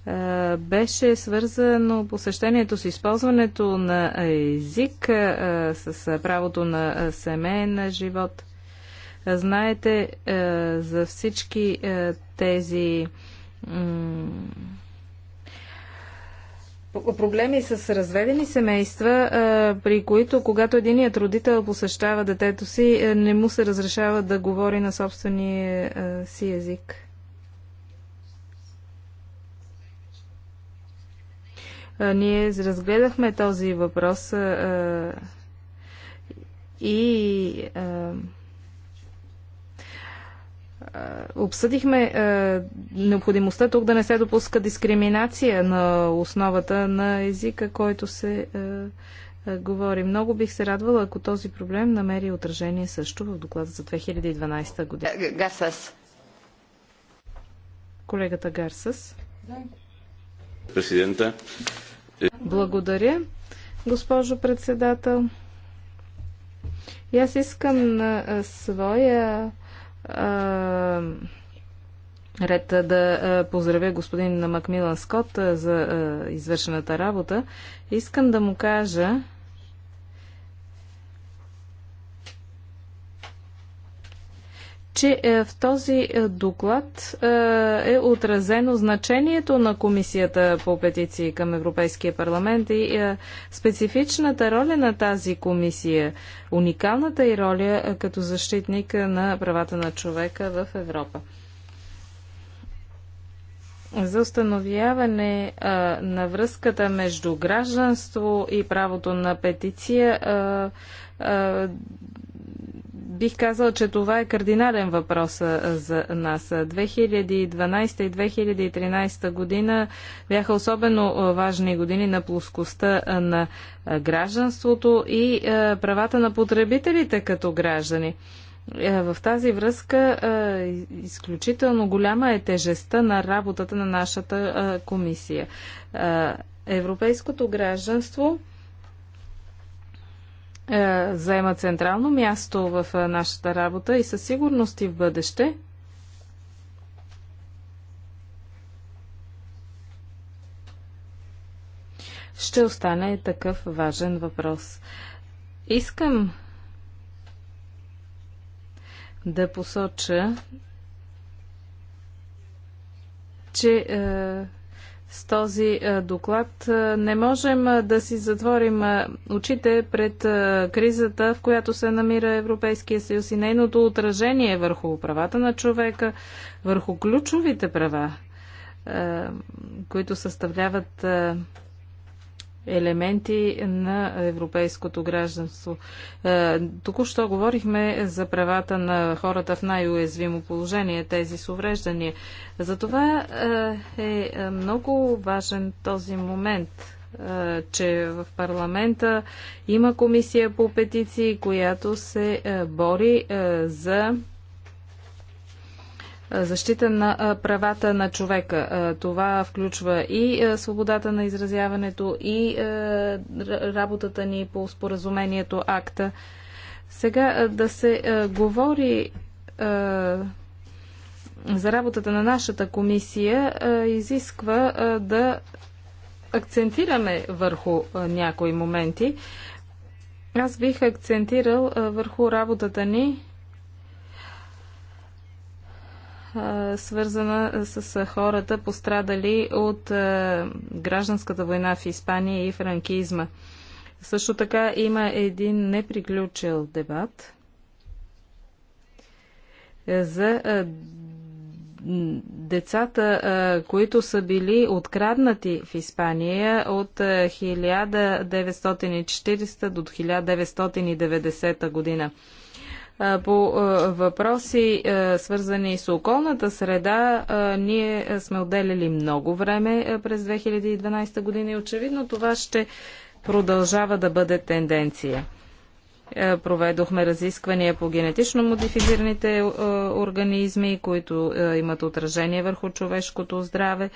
А, беше свързано посещението с използването на език а, с правото на семейен живот. А, знаете за всички тези проблеми с разведени семейства, при които когато единият родител посещава детето си, е, не му се разрешава да говори на собствения си език. Ние разгледахме този въпрос и е, обсъдихме е, необходимостта тук да не се допуска дискриминация на основата на езика, който се е, говори. Много бих се радвала, ако този проблем намери отражение също в доклада за 2012 година. Гарсас. Колегата Гарсас. Президента. Благодаря, госпожо председател. И аз искам на своя ред да поздравя господин Макмилан Скот за извършената работа. Искам да му кажа, че е, в този е, доклад е, е отразено значението на Комисията по петиции към Европейския парламент и специфичната роля на тази комисия, уникалната и роля като защитник на правата на човека в Европа. За установяване на връзката между гражданство и правото на петиция Бих казал, че това е кардинален въпрос за нас. 2012 и 2013 година бяха особено важни години на плоскостта на гражданството и правата на потребителите като граждани. Е, в тази връзка изключително голяма е тежестта на работата на нашата комисия. Европейското гражданство е, заема централно място в е, нашата работа и със сигурност и в бъдеще. Ще остане такъв важен въпрос. Искам да посоча, че е, с този е, доклад. Е, не можем е, да си затворим очите пред кризата, в която се намира Европейския съюз и нейното отражение върху правата на човека, върху ключовите права, които съставляват елементи на европейското гражданство. Е, току-що говорихме за правата на хората в най-уязвимо положение, тези с увреждания. Затова е, е много важен този момент, е, че в парламента има комисия по петиции, която се бори за защита на правата на човека. Това включва и свободата на изразяването, и работата ни по споразумението акта. Сега да се говори за работата на нашата комисия изисква да акцентираме върху някои моменти. Аз бих акцентирал върху работата ни свързана с хората, пострадали от гражданската война в Испания и франкизма. Също така има един неприключил дебат е, за децата, които са били откраднати в Испания от 1940 до 1990 година. По въпроси, свързани с околната среда, ние сме отделяли много време през 2012 година и очевидно това ще продължава да бъде тенденция. Е, проведохме разисквания по генетично модифицираните е, организми, които е, имат отражение върху човешкото здраве.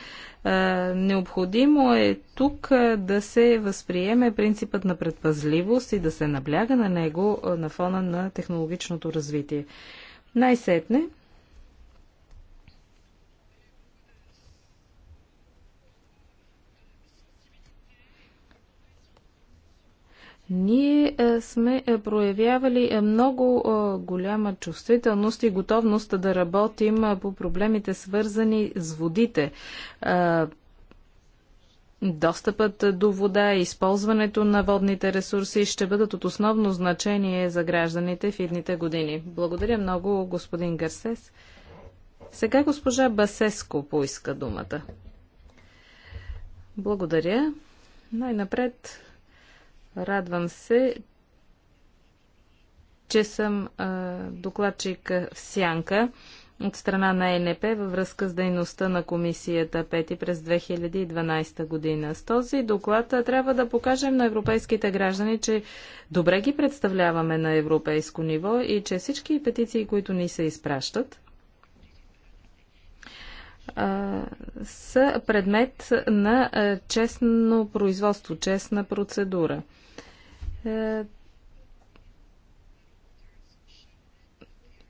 Необходимо е тук да се възприеме принципът на предпазливост и да се набляга на него на фона на технологичното развитие. Най-сетне Ние е, сме е, проявявали е, много голяма чувствителност и готовност да работим по проблемите свързани с водите. Достъпът до вода и използването на водните ресурси ще бъдат от основно значение за гражданите в идните години. Благодаря много, господин Гарсес. Сега госпожа Басеско поиска думата. Благодаря. Най-напред Радвам се, че съм а, докладчик в Сянка от страна на ЕНП във връзка с дейността на комисията Пети през 2012 година. С този доклад трябва да покажем на европейските граждани, че добре ги представляваме на европейско ниво и че всички петиции, които ни се изпращат, са предмет на честно производство, честна процедура. Е,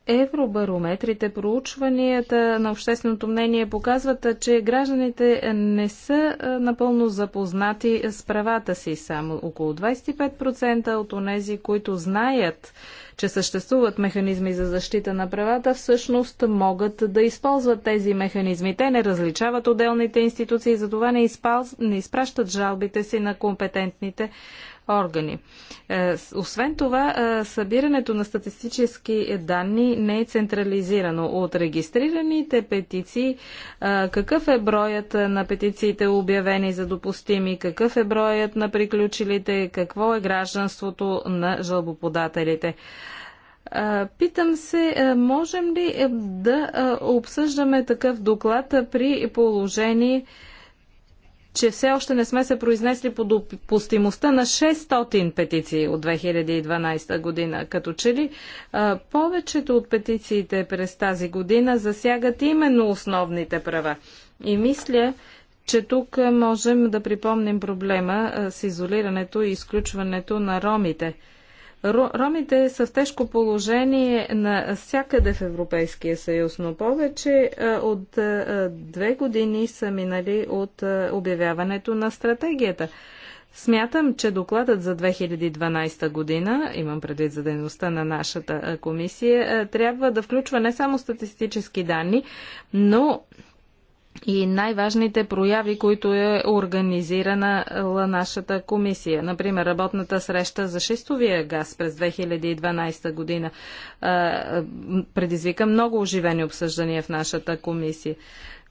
евробарометрите, проучванията на общественото мнение показват, че гражданите не са напълно запознати с правата си. Само около 25% от онези, които знаят, че съществуват механизми за защита на правата, всъщност могат да използват тези механизми. Те не различават отделните институции, затова не, изпал... не изпращат жалбите си на компетентните органи. Е, освен това, е, събирането на статистически данни не е централизирано. От регистрираните петиции, е, какъв е броят на петициите обявени за допустими, какъв е броят на приключилите, какво е гражданството на жалбоподателите? Питам се, можем ли да обсъждаме такъв доклад при положение, че все още не сме се произнесли по допустимостта на 600 петиции от 2012 година. Като че ли повечето от петициите през тази година засягат именно основните права. И мисля, че тук можем да припомним проблема с изолирането и изключването на ромите – Ромите са в тежко положение навсякъде в Европейския съюз, но повече е, от е, е, две години са минали от обявяването на стратегията. Смятам, че докладът за 2012 година, имам предвид за дейността на нашата комисия, трябва да включва не само статистически данни, но и най-важните прояви, които е организирана нашата комисия. Например, работната среща за шестовия газ през 2012 година предизвика много оживени обсъждания в нашата комисия.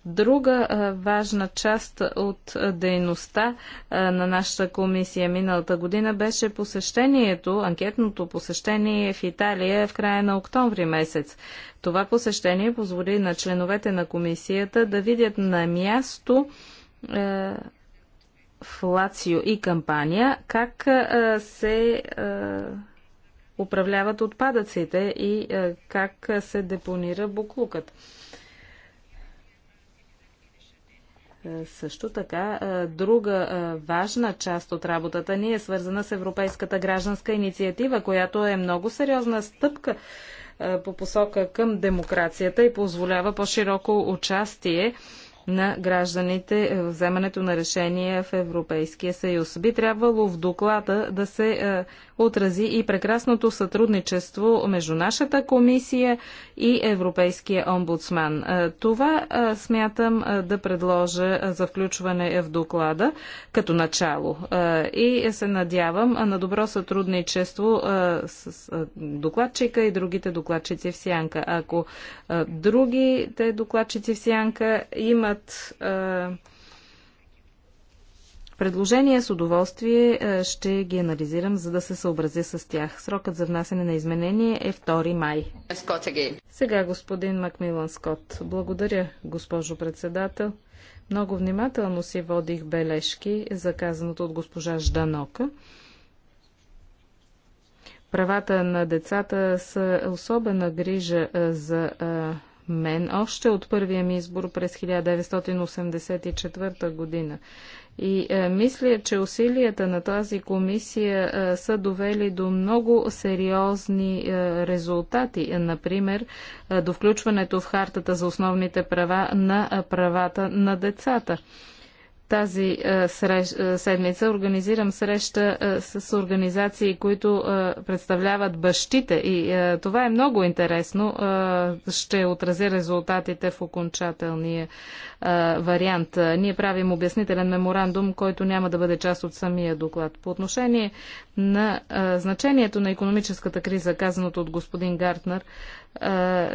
Друга важна част от дейността на нашата комисия миналата година беше посещението, анкетното посещение в Италия в края на октомври месец. Това посещение позволи на членовете на комисията да видят на място в Лацио и кампания как се управляват отпадъците и как се депонира буклукът. Е, също така, е, друга е, важна част от работата ни е свързана с Европейската гражданска инициатива, която е много сериозна стъпка по посока към демокрацията и позволява по-широко участие на гражданите в е, вземането на решения в Европейския съюз. Би трябвало в доклада да се е, отрази и прекрасното сътрудничество между нашата комисия и Европейския омбудсман. Е, това смятам да предложа за включване в доклада като начало и се надявам на добро сътрудничество с докладчика и другите докладчици в Сянка. Ако другите докладчици в Сянка има доклад. Предложения с удоволствие ще ги анализирам, за да се съобразя с тях. Срокът за внасене на изменение е 2 май. Е Сега господин Макмилан Скот. Благодаря, госпожо председател. Много внимателно си водих бележки за казаното от госпожа Жданока. Правата на децата са особена грижа за мен още от първия ми избор през 1984 година. И е, мисля, че усилията на тази комисия е, са довели до много сериозни е, резултати. Например, е, до включването в хартата за основните права на е, правата на децата. Е, тази е, срещ, е, седмица организирам среща е, с организации, които представляват бащите и това е много интересно. Ще отрази резултатите в окончателния вариант. Ние правим обяснителен меморандум, който няма да бъде част от самия доклад. По отношение на значението на економическата криза, казаното от господин Гартнер,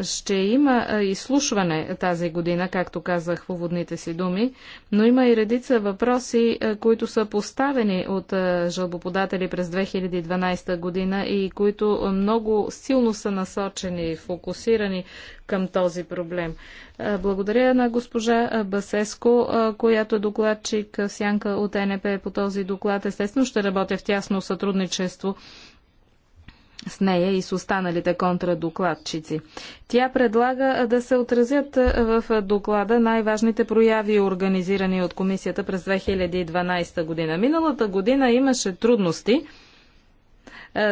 ще има изслушване тази година, както казах в уводните си думи, но има и редица въпроси, които са поставени от жалбоподатели през 2012 година и които много силно са насочени и фокусирани към този проблем. Благодаря на госпожа Басеско, която е докладчик Сянка от НП е по този доклад. Естествено ще работя в тясно сътрудничество с нея и с останалите контрадокладчици. Тя предлага да се отразят в доклада най-важните прояви, организирани от комисията през 2012 година. Миналата година имаше трудности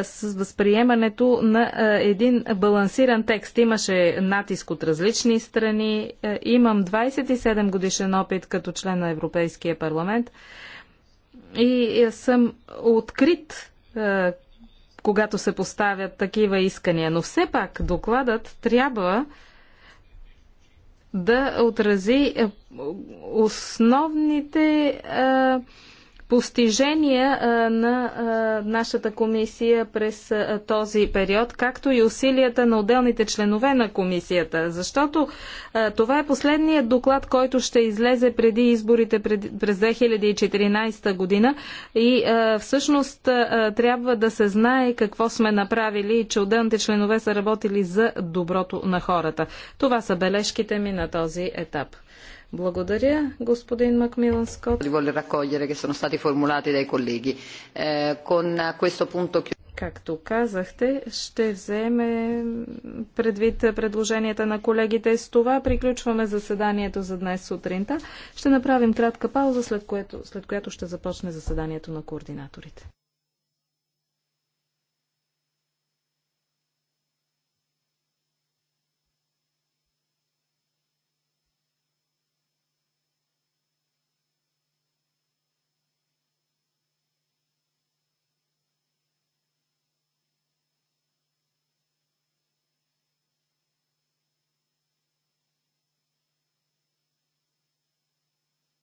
с възприемането на един балансиран текст. Имаше натиск от различни страни. Имам 27 годишен опит като член на Европейския парламент и съм открит когато се поставят такива искания. Но все пак докладът трябва да отрази е, основните А, е, постижения на нашата комисия през този период, както и усилията на отделните членове на комисията. Защото това е последният доклад, който ще излезе преди изборите през 2014 година и всъщност трябва да се знае какво сме направили и че отделните членове са работили за доброто на хората. Това са бележките ми на този етап. Благодаря, господин Макмилан Скот. Eh, Както казахте, ще вземе предвид предложенията на колегите. С това приключваме заседанието за днес сутринта. Ще направим кратка пауза, след, което, след която ще започне заседанието на координаторите.